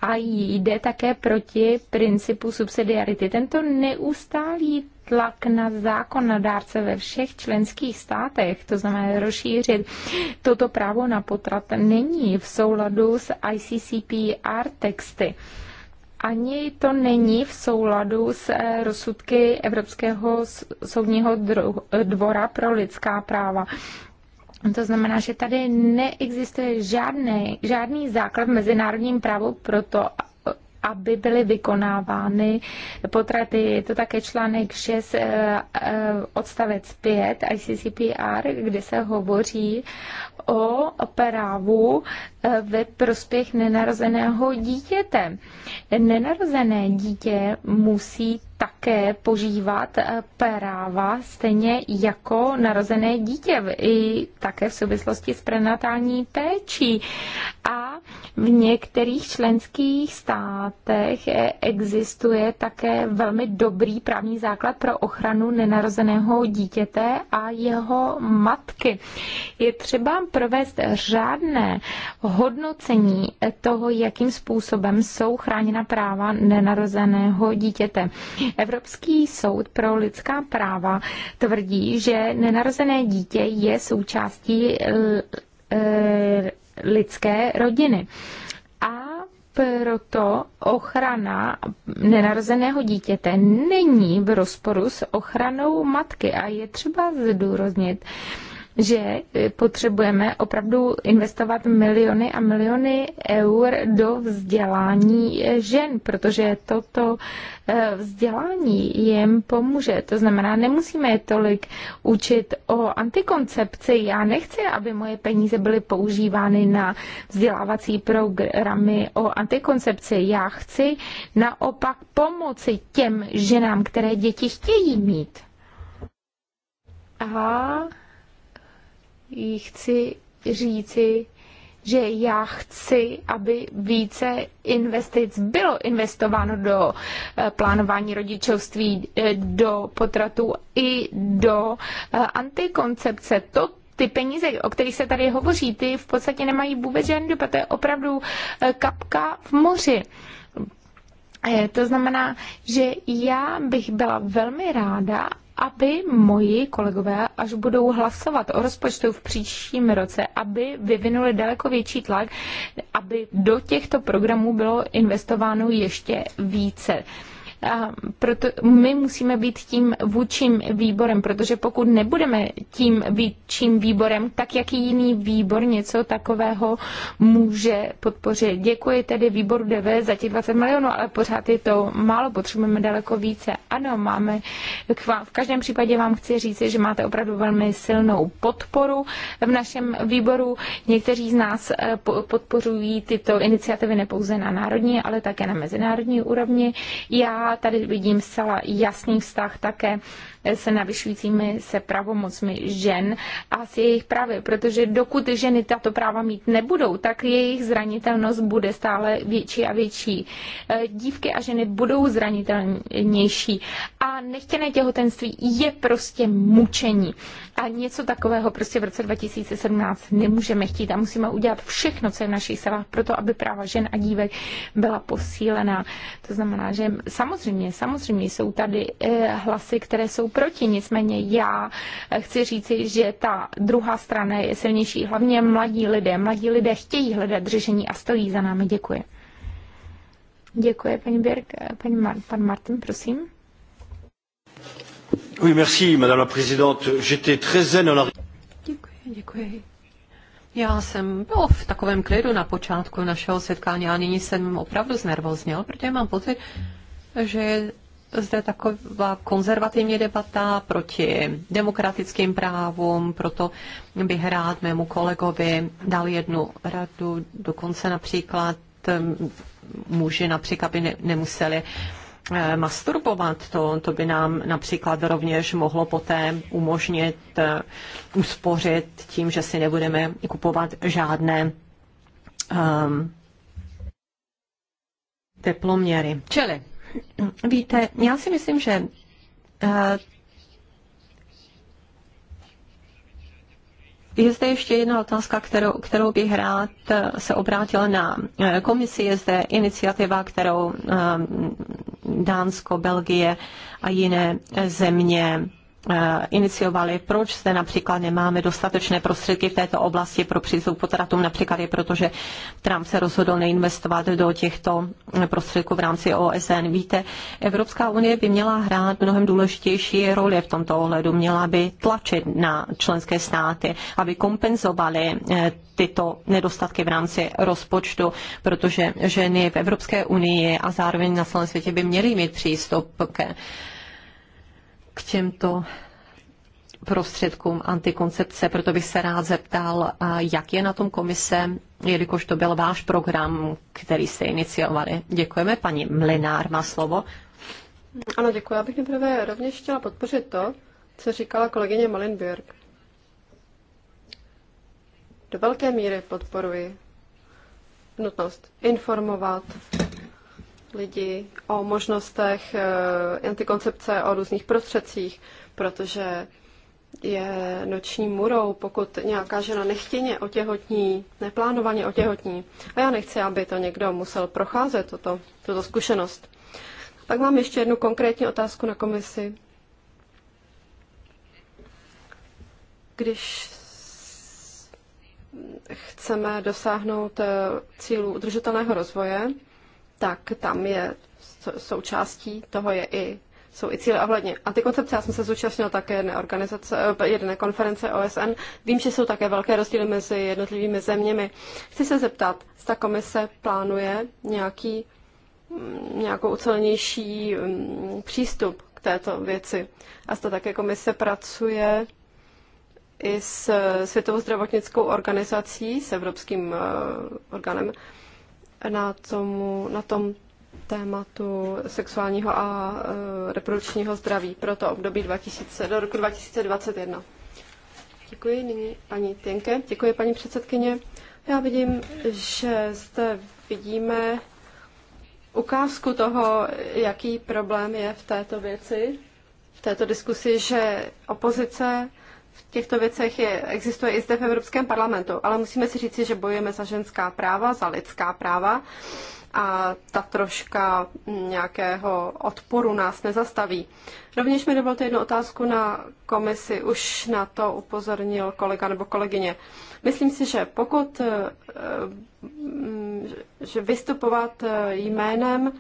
a jde také proti principu subsidiarity. Tento neustálý tlak na zákon dárce ve všech členských státech, to znamená rozšířit toto právo na potrat, není v souladu s ICCPR texty ani to není v souladu s eh, rozsudky Evropského soudního dvora pro lidská práva. To znamená, že tady neexistuje žádný, žádný základ v mezinárodním právu pro to, aby byly vykonávány potraty. Je to také článek 6 eh, eh, odstavec 5 ICCPR, kde se hovoří o právu eh, ve prospěch nenarozeného dítěte. Nenarozené dítě musí také požívat eh, práva stejně jako narozené dítě, i také v souvislosti s prenatální péčí. A v některých členských státech eh, existuje také velmi dobrý právní základ pro ochranu nenarozeného dítěte a jeho matky. Je třeba provést řádné hodnocení toho, jakým způsobem jsou chráněna práva nenarozeného dítěte. Evropský soud pro lidská práva tvrdí, že nenarozené dítě je součástí eh, eh, lidské rodiny. A proto ochrana nenarozeného dítěte není v rozporu s ochranou matky a je třeba zdůraznit, že e, potřebujeme opravdu investovat miliony a miliony eur do vzdělání e, žen, protože toto e, vzdělání jim pomůže. To znamená, nemusíme je tolik učit o antikoncepci. Já nechci, aby moje peníze byly používány na vzdělávací programy o antikoncepci. Já chci naopak pomoci těm ženám, které děti chtějí mít. Aha chci říci, že já chci, aby více investic bylo investováno do eh, plánování rodičovství, eh, do potratů i do eh, antikoncepce. To ty peníze, o kterých se tady hovoří, ty v podstatě nemají vůbec žádný dopad. To je opravdu kapka v moři. To znamená, že já bych byla velmi ráda, aby moji kolegové, až budou hlasovat o rozpočtu v příštím roce, aby vyvinuli daleko větší tlak, aby do těchto programů bylo investováno ještě více. A proto my musíme být tím vůčím výborem, protože pokud nebudeme tím vůčím výborem, tak jaký jiný výbor něco takového může podpořit. Děkuji tedy výboru DV za těch 20 milionů, ale pořád je to málo, potřebujeme daleko více. Ano, máme, v každém případě vám chci říct, že máte opravdu velmi silnou podporu v našem výboru. Někteří z nás eh, podporují tyto iniciativy nepouze na národní, ale také na mezinárodní úrovni. Já tady vidím zcela jasný vztah také se navyšujícími se pravomocmi žen a s jejich právy, protože dokud ženy tato práva mít nebudou, tak jejich zranitelnost bude stále větší a větší. E, dívky a ženy budou zranitelnější a nechtěné těhotenství je prostě mučení. A něco takového prostě v roce 2017 nemůžeme chtít a musíme udělat všechno, co je v našich silách, proto aby práva žen a dívek byla posílená. To znamená, že samozřejmě, samozřejmě jsou tady e, hlasy, které jsou proti. Nicméně já chci říci, že ta druhá strana je silnější. Hlavně mladí lidé. Mladí lidé chtějí hledat řešení a stojí za námi. Děkuji. Děkuji, paní Birk. Paní Mar- pan Martin, prosím. Oui, merci, madame la présidente. J'étais très zen en arrière. Děkuji, děkuji. Já jsem byl v takovém klidu na počátku našeho setkání a nyní jsem opravdu znervozněl, protože mám pocit, že zde taková konzervativní debata proti demokratickým právům, proto bych rád mému kolegovi dal jednu radu, dokonce například ehm, muži například by ne, nemuseli eh, masturbovat. To, to by nám například rovněž mohlo poté umožnit eh, uspořit tím, že si nebudeme kupovat žádné um, teploměry. Čili Víte, já si myslím, že eh, je zde ještě jedna otázka, kterou, kterou bych rád eh, se obrátil na eh, komisi. Je zde iniciativa, kterou Dánsko, Belgie a jiné země Eh, iniciovali, proč zde například nemáme dostatečné prostředky v této oblasti pro přístup k potratům, například je proto, že Trump se rozhodl neinvestovat do těchto prostředků v rámci OSN. Víte, Evropská unie by měla hrát mnohem důležitější roli v tomto ohledu, měla by tlačit na členské státy, aby kompenzovaly eh, tyto nedostatky v rámci rozpočtu, protože ženy v Evropské unii a zároveň na celém světě by měly mít přístup ke k těmto prostředkům antikoncepce, proto bych se rád zeptal, jak je na tom komise, jelikož to byl váš program, který jste iniciovali. Děkujeme, paní Mlinár má slovo. Ano, děkuji. Já bych nejprve rovněž chtěla podpořit to, co říkala kolegyně malinberg. Do velké míry podporuji nutnost informovat, lidi o možnostech eh, antikoncepce, o různých prostředcích, protože je noční murou, pokud nějaká žena nechtěně otěhotní, neplánovaně otěhotní. A já nechci, aby to někdo musel procházet, toto, tuto zkušenost. Pak mám ještě jednu konkrétní otázku na komisi. Když chceme dosáhnout eh, cílu udržitelného rozvoje, tak tam je součástí toho je i jsou i cíle ohledně antikoncepce. Já jsem se zúčastnil také jedné, organizace, eh, jedné konference OSN. Vím, že jsou také velké rozdíly mezi jednotlivými zeměmi. Chci se zeptat, zda komise plánuje nějaký, mm, nějakou ucelnější mm, přístup k této věci. A zda také komise pracuje i s Světovou zdravotnickou organizací, s Evropským eh, orgánem na, tomu, na tom tématu sexuálního a e, reprodukčního zdraví pro to období 2000, do roku 2021. Děkuji nyní paní Tienke. Děkuji paní předsedkyně. Já vidím, že zde vidíme ukázku toho, jaký problém je v této věci, v této diskusi, že opozice v těchto věcech je, existuje i zde v Evropském parlamentu, ale musíme si říci, že bojujeme za ženská práva, za lidská práva a ta troška nějakého odporu nás nezastaví. Rovněž mi dovolte jednu otázku na komisi, už na to upozornil kolega nebo kolegyně. Myslím si, že pokud eh, že vystupovat eh, jménem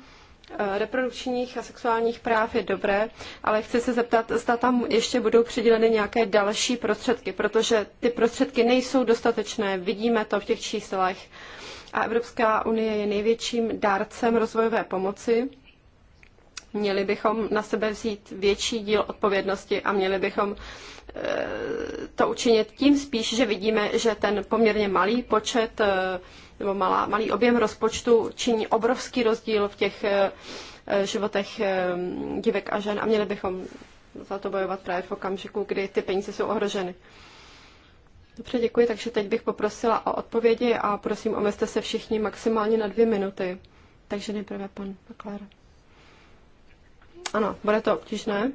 Eh, reprodukčních a sexuálních práv je dobré, ale chci se zeptat, zda tam ještě budou přiděleny nějaké další prostředky, protože ty prostředky nejsou dostatečné, vidíme to v těch číslech. A Evropská unie je největším dárcem rozvojové pomoci. Měli bychom na sebe vzít větší díl odpovědnosti a měli bychom eh, to učinit tím spíš, že vidíme, že ten poměrně malý počet eh, nebo malá, malý objem rozpočtu činí obrovský rozdíl v těch eh, eh, životech eh, dívek a žen a měli bychom za to bojovat právě v okamžiku, kdy ty peníze jsou ohroženy. Dobře, děkuji, takže teď bych poprosila o odpovědi a prosím, omezte se všichni maximálně na dvě minuty. Takže nejprve pan Makler. Ano, bude to obtížné.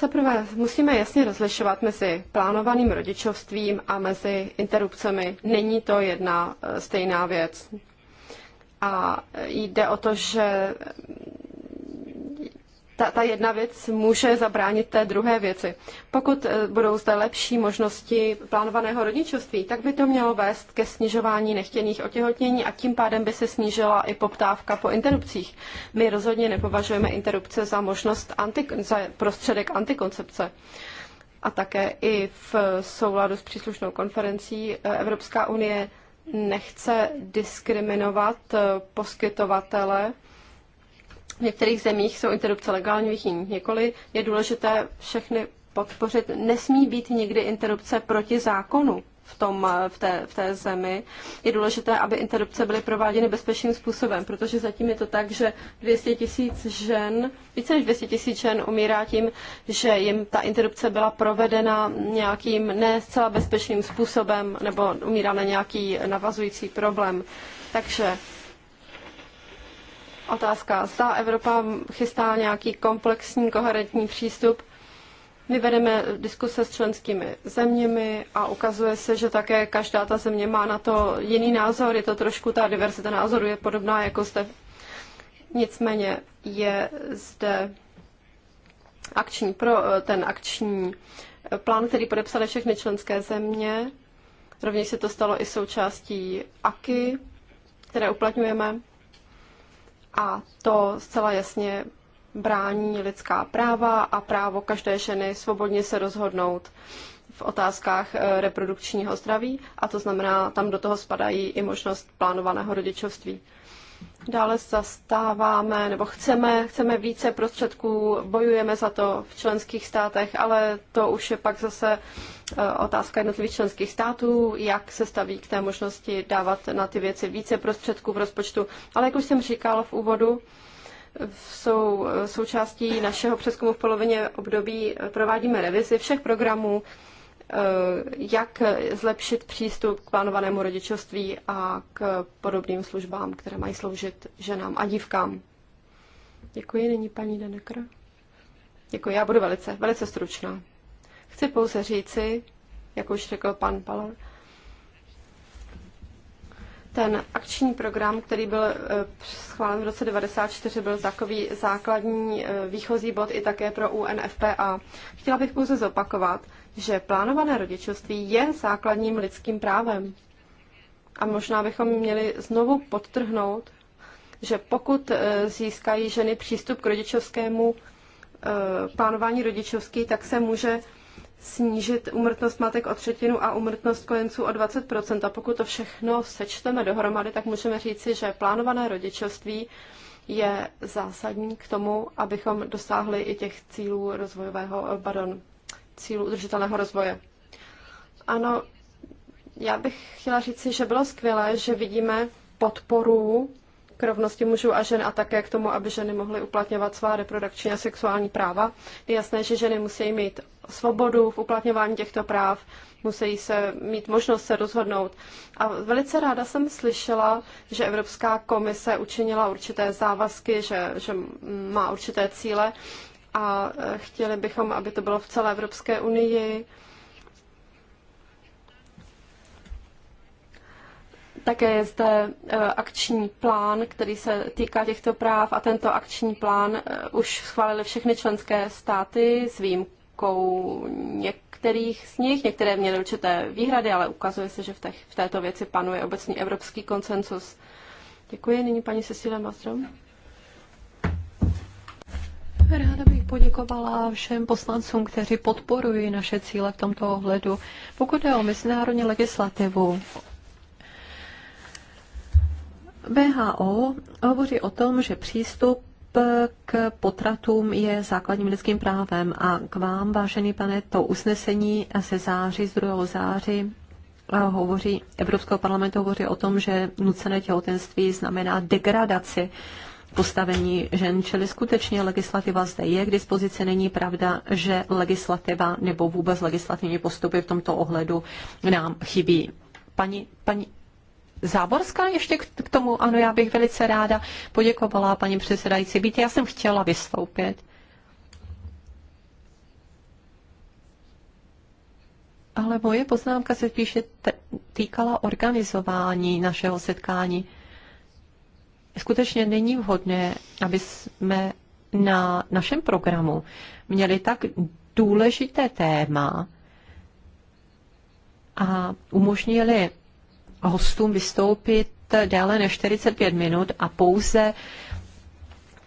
Zaprvé musíme jasně rozlišovat mezi plánovaným rodičovstvím a mezi interrupcemi. Není to jedna e, stejná věc. A jde o to, že ta, ta jedna věc může zabránit té druhé věci. Pokud e, budou zde lepší možnosti plánovaného rodičovství, tak by to mělo vést ke snižování nechtěných otěhotnění a tím pádem by se snížila i poptávka po interrupcích. My rozhodně nepovažujeme interrupce za možnost anti, za prostředek antikoncepce. A také i v souladu s příslušnou konferencí e, Evropská unie nechce diskriminovat e, poskytovatele v některých zemích jsou interrupce legální, v jiných nikoli. Je důležité všechny podpořit. Nesmí být nikdy interrupce proti zákonu v, tom, v, té, v té zemi. Je důležité, aby interrupce byly prováděny bezpečným způsobem, protože zatím je to tak, že 200 tisíc žen, více než 200 tisíc žen umírá tím, že jim ta interrupce byla provedena nějakým ne zcela bezpečným způsobem nebo umírá na nějaký navazující problém. Takže otázka, zda Evropa chystá nějaký komplexní, koherentní přístup. My vedeme diskuse s členskými zeměmi a ukazuje se, že také každá ta země má na to jiný názor. Je to trošku, ta diverzita názorů je podobná jako zde. Nicméně je zde akční pro, ten akční plán, který podepsaly všechny členské země. Rovněž se to stalo i součástí AKY, které uplatňujeme a to zcela jasně brání lidská práva a právo každé ženy svobodně se rozhodnout v otázkách eh, reprodukčního zdraví a to znamená, tam do toho spadají i možnost plánovaného rodičovství. Dále zastáváme nebo chceme, chceme více prostředků, bojujeme za to v členských státech, ale to už je pak zase eh, otázka jednotlivých členských států, jak se staví k té možnosti dávat na ty věci více prostředků v rozpočtu. Ale jak už jsem říkal v úvodu, jsou eh, součástí našeho přeskumu v polovině období, eh, provádíme revizi všech programů, Eh, jak zlepšit přístup k plánovanému rodičovství a k podobným službám, které mají sloužit ženám a dívkám. Děkuji, není paní Danekr. Děkuji, já budu velice, velice stručná. Chci pouze říci, jak už řekl pan Palor, ten akční program, který byl eh, schválen v roce 1994, byl takový základní eh, výchozí bod i také pro UNFPA. Chtěla bych pouze zopakovat, že plánované rodičovství je základním lidským právem. A možná bychom měli znovu podtrhnout, že pokud e, získají ženy přístup k rodičovskému e, plánování rodičovský, tak se může snížit umrtnost matek o třetinu a umrtnost kojenců o 20%. A pokud to všechno sečteme dohromady, tak můžeme říci, že plánované rodičovství je zásadní k tomu, abychom dosáhli i těch cílů rozvojového, pardon, cílů udržitelného rozvoje. Ano, já bych chtěla říci, že bylo skvělé, že vidíme podporu k rovnosti mužů a žen a také k tomu, aby ženy mohly uplatňovat svá reprodukční a sexuální práva. Je jasné, že ženy musí mít svobodu v uplatňování těchto práv, musí se mít možnost se rozhodnout. A velice ráda jsem slyšela, že Evropská komise učinila určité závazky, že, že má určité cíle a chtěli bychom, aby to bylo v celé Evropské unii. Také je zde e, akční plán, který se týká těchto práv a tento akční plán e, už schválili všechny členské státy s výjimkou některých z nich. Některé měly určité výhrady, ale ukazuje se, že v, těch, v této věci panuje obecný evropský konsensus. Děkuji. Nyní paní Cecilia Mastrom. Ráda bych poděkovala všem poslancům, kteří podporují naše cíle v tomto ohledu. Pokud je o mezinárodní legislativu, WHO hovoří o tom, že přístup k potratům je základním lidským právem a k vám, vážený pane, to usnesení se září, z 2. září hovoří, Evropského parlamentu hovoří o tom, že nucené těhotenství znamená degradaci postavení žen, čili skutečně legislativa zde je k dispozici. Není pravda, že legislativa nebo vůbec legislativní postupy v tomto ohledu nám chybí. Paní, paní Záborská ještě k tomu, ano, já bych velice ráda poděkovala paní předsedající. Víte, já jsem chtěla vystoupit. Ale moje poznámka se spíše týkala organizování našeho setkání skutečně není vhodné, aby jsme na našem programu měli tak důležité téma a umožnili hostům vystoupit déle než 45 minut a pouze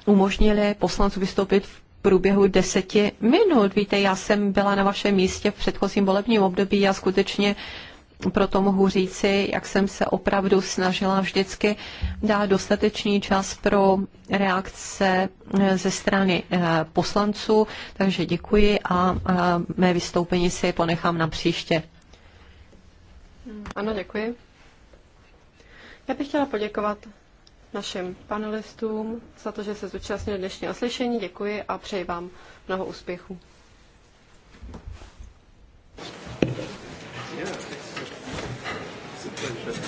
umožnili poslancům vystoupit v průběhu deseti minut. Víte, já jsem byla na vašem místě v předchozím volebním období a skutečně proto mohu říci, jak jsem se opravdu snažila vždycky dát dostatečný čas pro reakce eh, ze strany eh, poslanců, takže děkuji a eh, mé vystoupení si ponechám na příště. Ano, děkuji. Já bych chtěla poděkovat našim panelistům za to, že se zúčastnili dnešního slyšení. Děkuji a přeji vám mnoho úspěchů. Yeah. Thank you.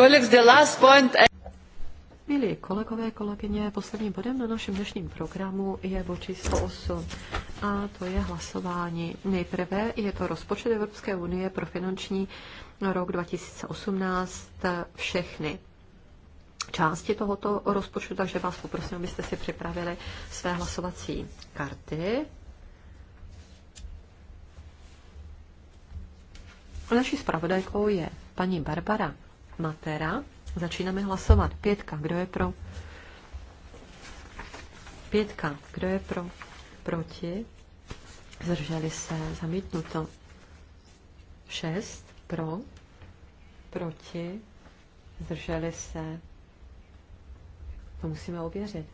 Eh, Milí kolegové, kolegyně, posledním bodem na našem dnešním programu je bod číslo 8 a to je hlasování. Nejprve je to rozpočet Evropské unie pro finanční rok 2018 eh, všechny části tohoto rozpočtu, takže vás poprosím, abyste si připravili své hlasovací karty. Naší zpravodajkou je paní Barbara Matera. Začínáme hlasovat. Pětka, kdo je pro? Pětka, kdo je pro? Proti? Zdrželi se, zamítnuto. Šest, pro? Proti? Zdrželi se. To musíme ověřit.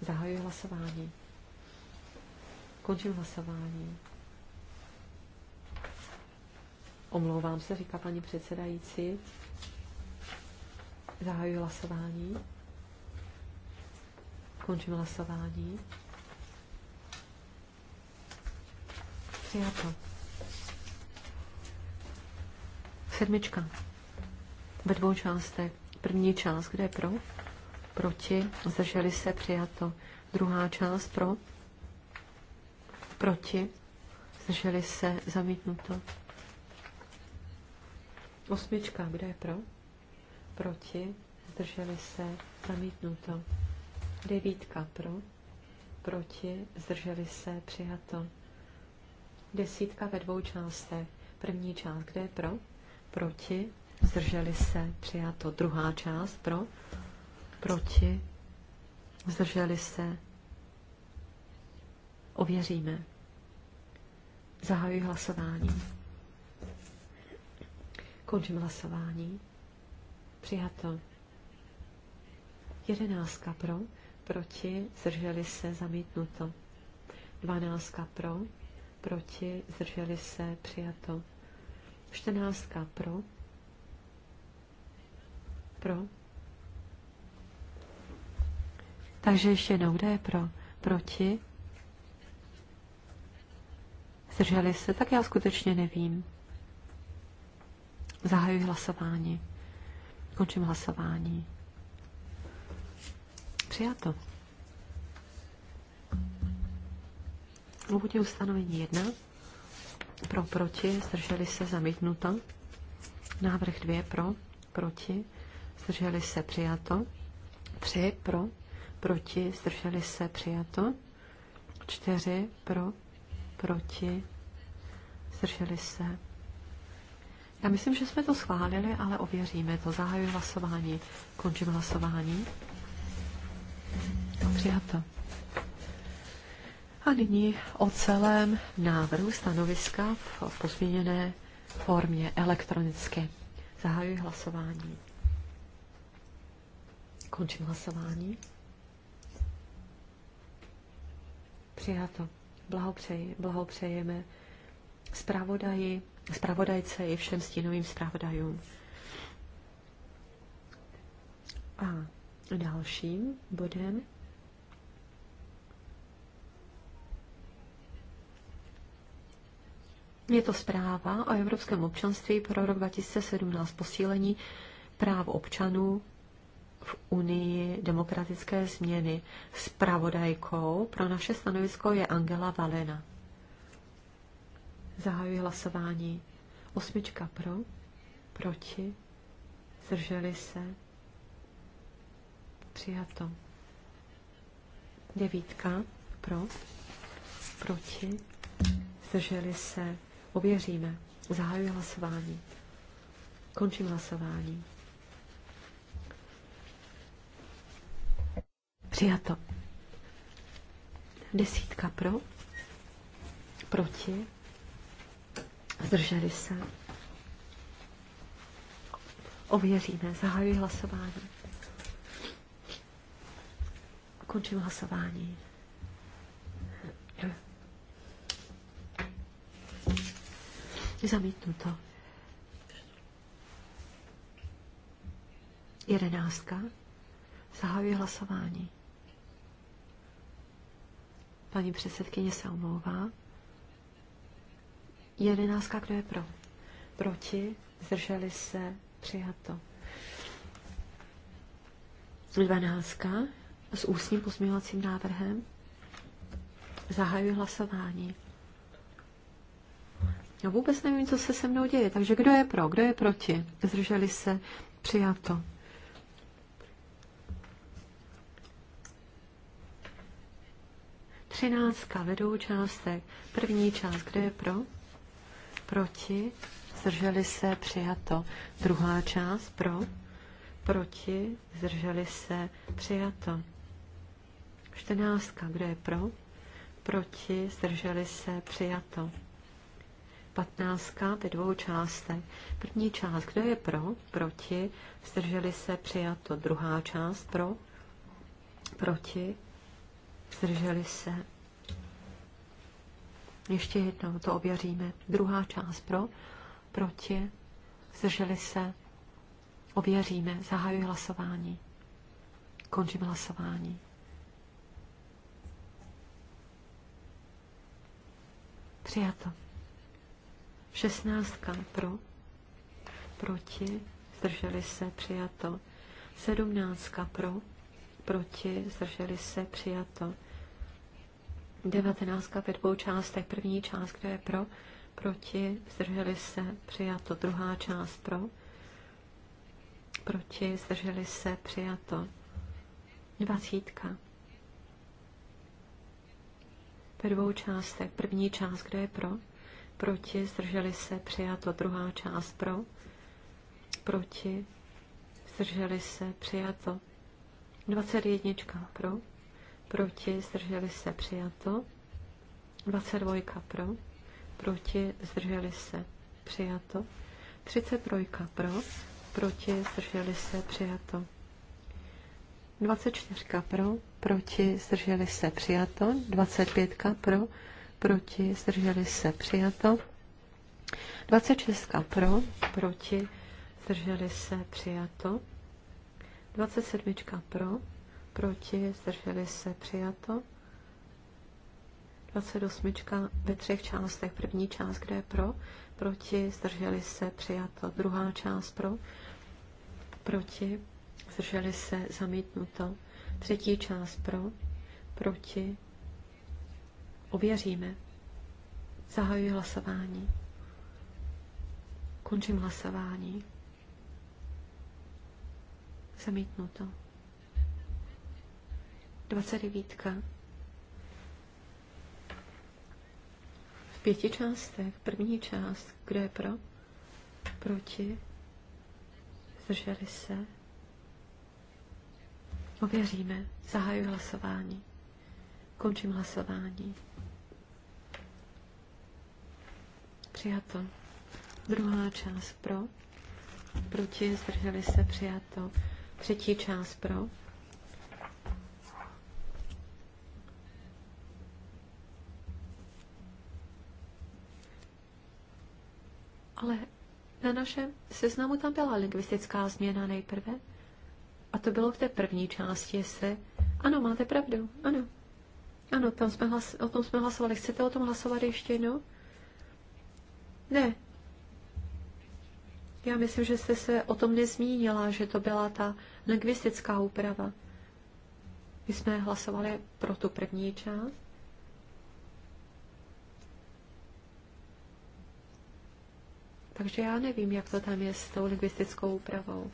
Zahajuji hlasování. Končím hlasování. Omlouvám se, říká paní předsedající. Zahajuji hlasování. Končím hlasování. Přijato. Sedmička. Ve dvou částech. První část, kde je pro? Proti. Zdrželi se. Přijato. Druhá část pro? Proti. Zdrželi se. Zamítnuto. Osmička. Kde je pro? proti, zdrželi se, zamítnuto. Devítka pro, proti, zdrželi se, přijato. Desítka ve dvou částech. První část, kde je pro, proti, zdrželi se, přijato. Druhá část pro, proti, zdrželi se, ověříme. Zahajuji hlasování. Končím hlasování. Přijato. Jedenáctka pro, proti, zrželi se, zamítnuto. Dvanáctka pro, proti, zrželi se, přijato. Čtrnáctka pro, pro. Takže ještě jednou, kde je pro, proti, zrželi se, tak já skutečně nevím. Zahajuji hlasování. Končím hlasování. Přijato. Úvodní ustanovení 1. Pro, proti, zdrželi se, zamítnuto. Návrh 2. Pro, proti, zdrželi se, přijato. 3. Pro, proti, zdrželi se, přijato. 4. Pro, proti, zdrželi se, já myslím, že jsme to schválili, ale ověříme to. Zahajuji hlasování. Končím hlasování. Přijato. A nyní o celém návrhu stanoviska v, pozměněné formě elektronicky. Zahajuji hlasování. Končím hlasování. Přijato. Blahopřeji, blahopřejeme zpravodaji zpravodajce i všem stínovým zpravodajům. A dalším bodem je to zpráva o evropském občanství pro rok 2017 posílení práv občanů v Unii demokratické změny. Spravodajkou pro naše stanovisko je Angela Valena. Zahajuji hlasování. Osmička pro, proti, zdrželi se, přijato. Devítka pro, proti, zdrželi se, ověříme. Zahajuji hlasování. Končím hlasování. Přijato. Desítka pro, proti, Zdrželi se. Ověříme. Zahajuji hlasování. Končím hlasování. to? Jedenáctka. Zahajuji hlasování. Paní předsedkyně se omlouvá. Jedenáctka, kdo je pro? Proti? Zdrželi se? Přijato. Dvanáctka s ústním pozměňovacím návrhem. Zahajuji hlasování. Já vůbec nevím, co se se mnou děje. Takže kdo je pro, kdo je proti? Zdrželi se? Přijato. Třináctka vedou částek. První část, kde je pro? proti, zdrželi se, přijato. Druhá část pro, proti, zdrželi se, přijato. Čtrnáctka, kdo je pro, proti, zdrželi se, přijato. Patnáctka ve dvou částech. První část, kdo je pro, proti, zdrželi se, přijato. Druhá část pro, proti, zdrželi se, ještě jednou to ověříme. Druhá část pro, proti, zdrželi se, ověříme, zahajuji hlasování. Končím hlasování. Přijato. Šestnáctka pro, proti, zdrželi se, přijato. Sedmnáctka pro, proti, zdrželi se, přijato. 19 ve dvou částech. První část, kdo je pro, proti, zdrželi se, přijato. Druhá část pro, proti, zdrželi se, přijato. Dvacítka. Ve dvou částech. První část, kdo je pro, proti, zdrželi se, přijato. Druhá část pro, proti, zdrželi se, přijato. dvacet jednička pro, proti, zdrželi se, přijato. 22 pro, proti, zdrželi se, přijato. 33 pro, proti, zdrželi se, přijato. 24 pro, proti, zdrželi se, přijato. 25 pro, proti, zdrželi se, přijato. 26 pro, proti, zdrželi se, přijato. 27 pro, proti, zdrželi se, přijato. 28. ve třech částech. První část, kde je pro, proti, zdrželi se, přijato. Druhá část pro, proti, zdrželi se, zamítnuto. Třetí část pro, proti, ověříme. Zahajuji hlasování. Končím hlasování. Zamítnuto. 29. V pěti částech. První část, kdo je pro? Proti? Zdrželi se? Ověříme. Zahajuji hlasování. Končím hlasování. Přijato. Druhá část pro. Proti zdrželi se přijato. Třetí část pro ale na našem seznamu tam byla lingvistická změna nejprve. A to bylo v té první části, jestli... Ano, máte pravdu, ano. Ano, tam jsme hlas... o tom jsme hlasovali. Chcete o tom hlasovat ještě jednou? Ne. Já myslím, že jste se o tom nezmínila, že to byla ta lingvistická úprava. My jsme hlasovali pro tu první část. Takže já nevím, jak to tam je s tou lingvistickou úpravou.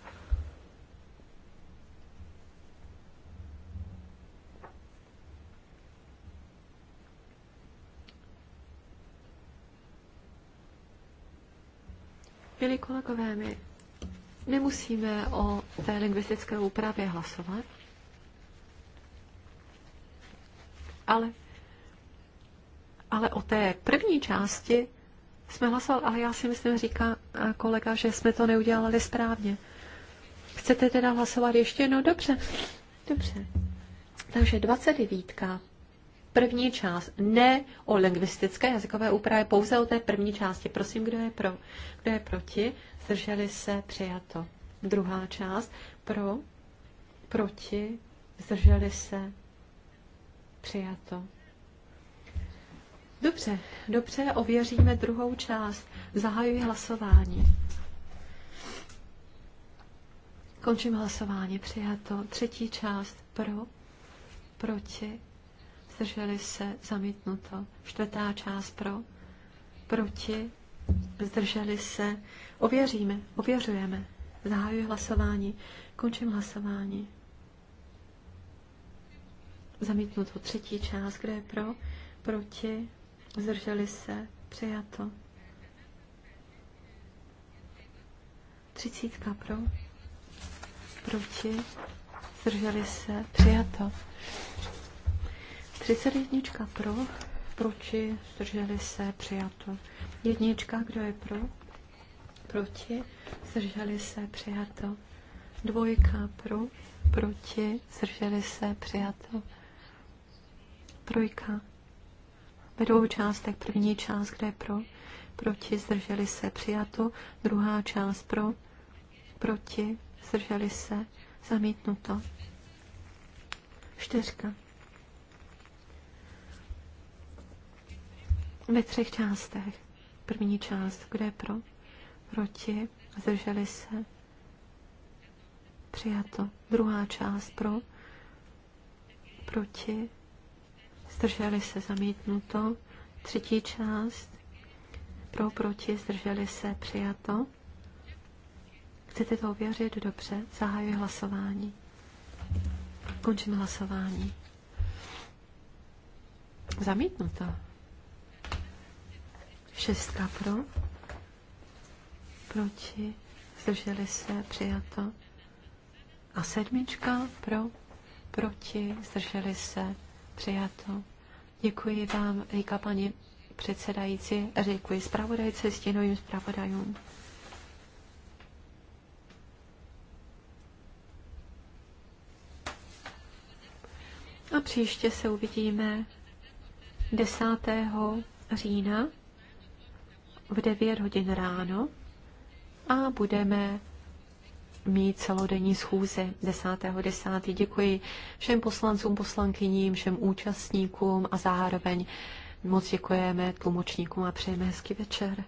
Milí kolegové, my nemusíme o té lingvistické úpravě hlasovat, ale, ale o té první části jsme hlasovali, ale já si myslím, říká kolega, že jsme to neudělali správně. Chcete teda hlasovat ještě? No dobře, dobře. Takže 29. První část. Ne o lingvistické jazykové úpravě, pouze o té první části. Prosím, kdo je, pro, kdo je proti? Zdrželi se přijato. Druhá část. Pro, proti, zdrželi se přijato. Dobře, dobře, ověříme druhou část. Zahajuji hlasování. Končím hlasování. Přijato. Třetí část pro, proti, zdrželi se, zamítnuto. Čtvrtá část pro, proti, zdrželi se. Ověříme, ověřujeme. Zahajuji hlasování. Končím hlasování. Zamítnuto. Třetí část, kde je pro, proti, zdrželi se, přijato. Třicítka pro, proti, zdrželi se, přijato. Třicet jednička pro, proti, zdrželi se, přijato. Jednička, kdo je pro, proti, zdrželi se, přijato. Dvojka pro, proti, zdrželi se, přijato. Trojka ve dvou částech. První část, kde je pro, proti, zdrželi se, přijato. Druhá část pro, proti, zdrželi se, zamítnuto. Čtyřka. Ve třech částech. První část, kde je pro, proti, zdrželi se, přijato. Druhá část pro, proti, zdrželi se zamítnuto. Třetí část pro, proti, zdrželi se přijato. Chcete to ověřit? Dobře, zahajuji hlasování. Končím hlasování. Zamítnuto. Šestka pro, proti, zdrželi se, přijato. A sedmička pro, proti, zdrželi se, Přijato. Děkuji vám, říká paní předsedající, děkuji zpravodajce, stěnovým zpravodajům. A příště se uvidíme 10. října v 9 hodin ráno a budeme mít celodenní schůzi 10.10. 10. Děkuji všem poslancům, poslankyním, všem účastníkům a zároveň moc děkujeme tlumočníkům a přejeme hezký večer.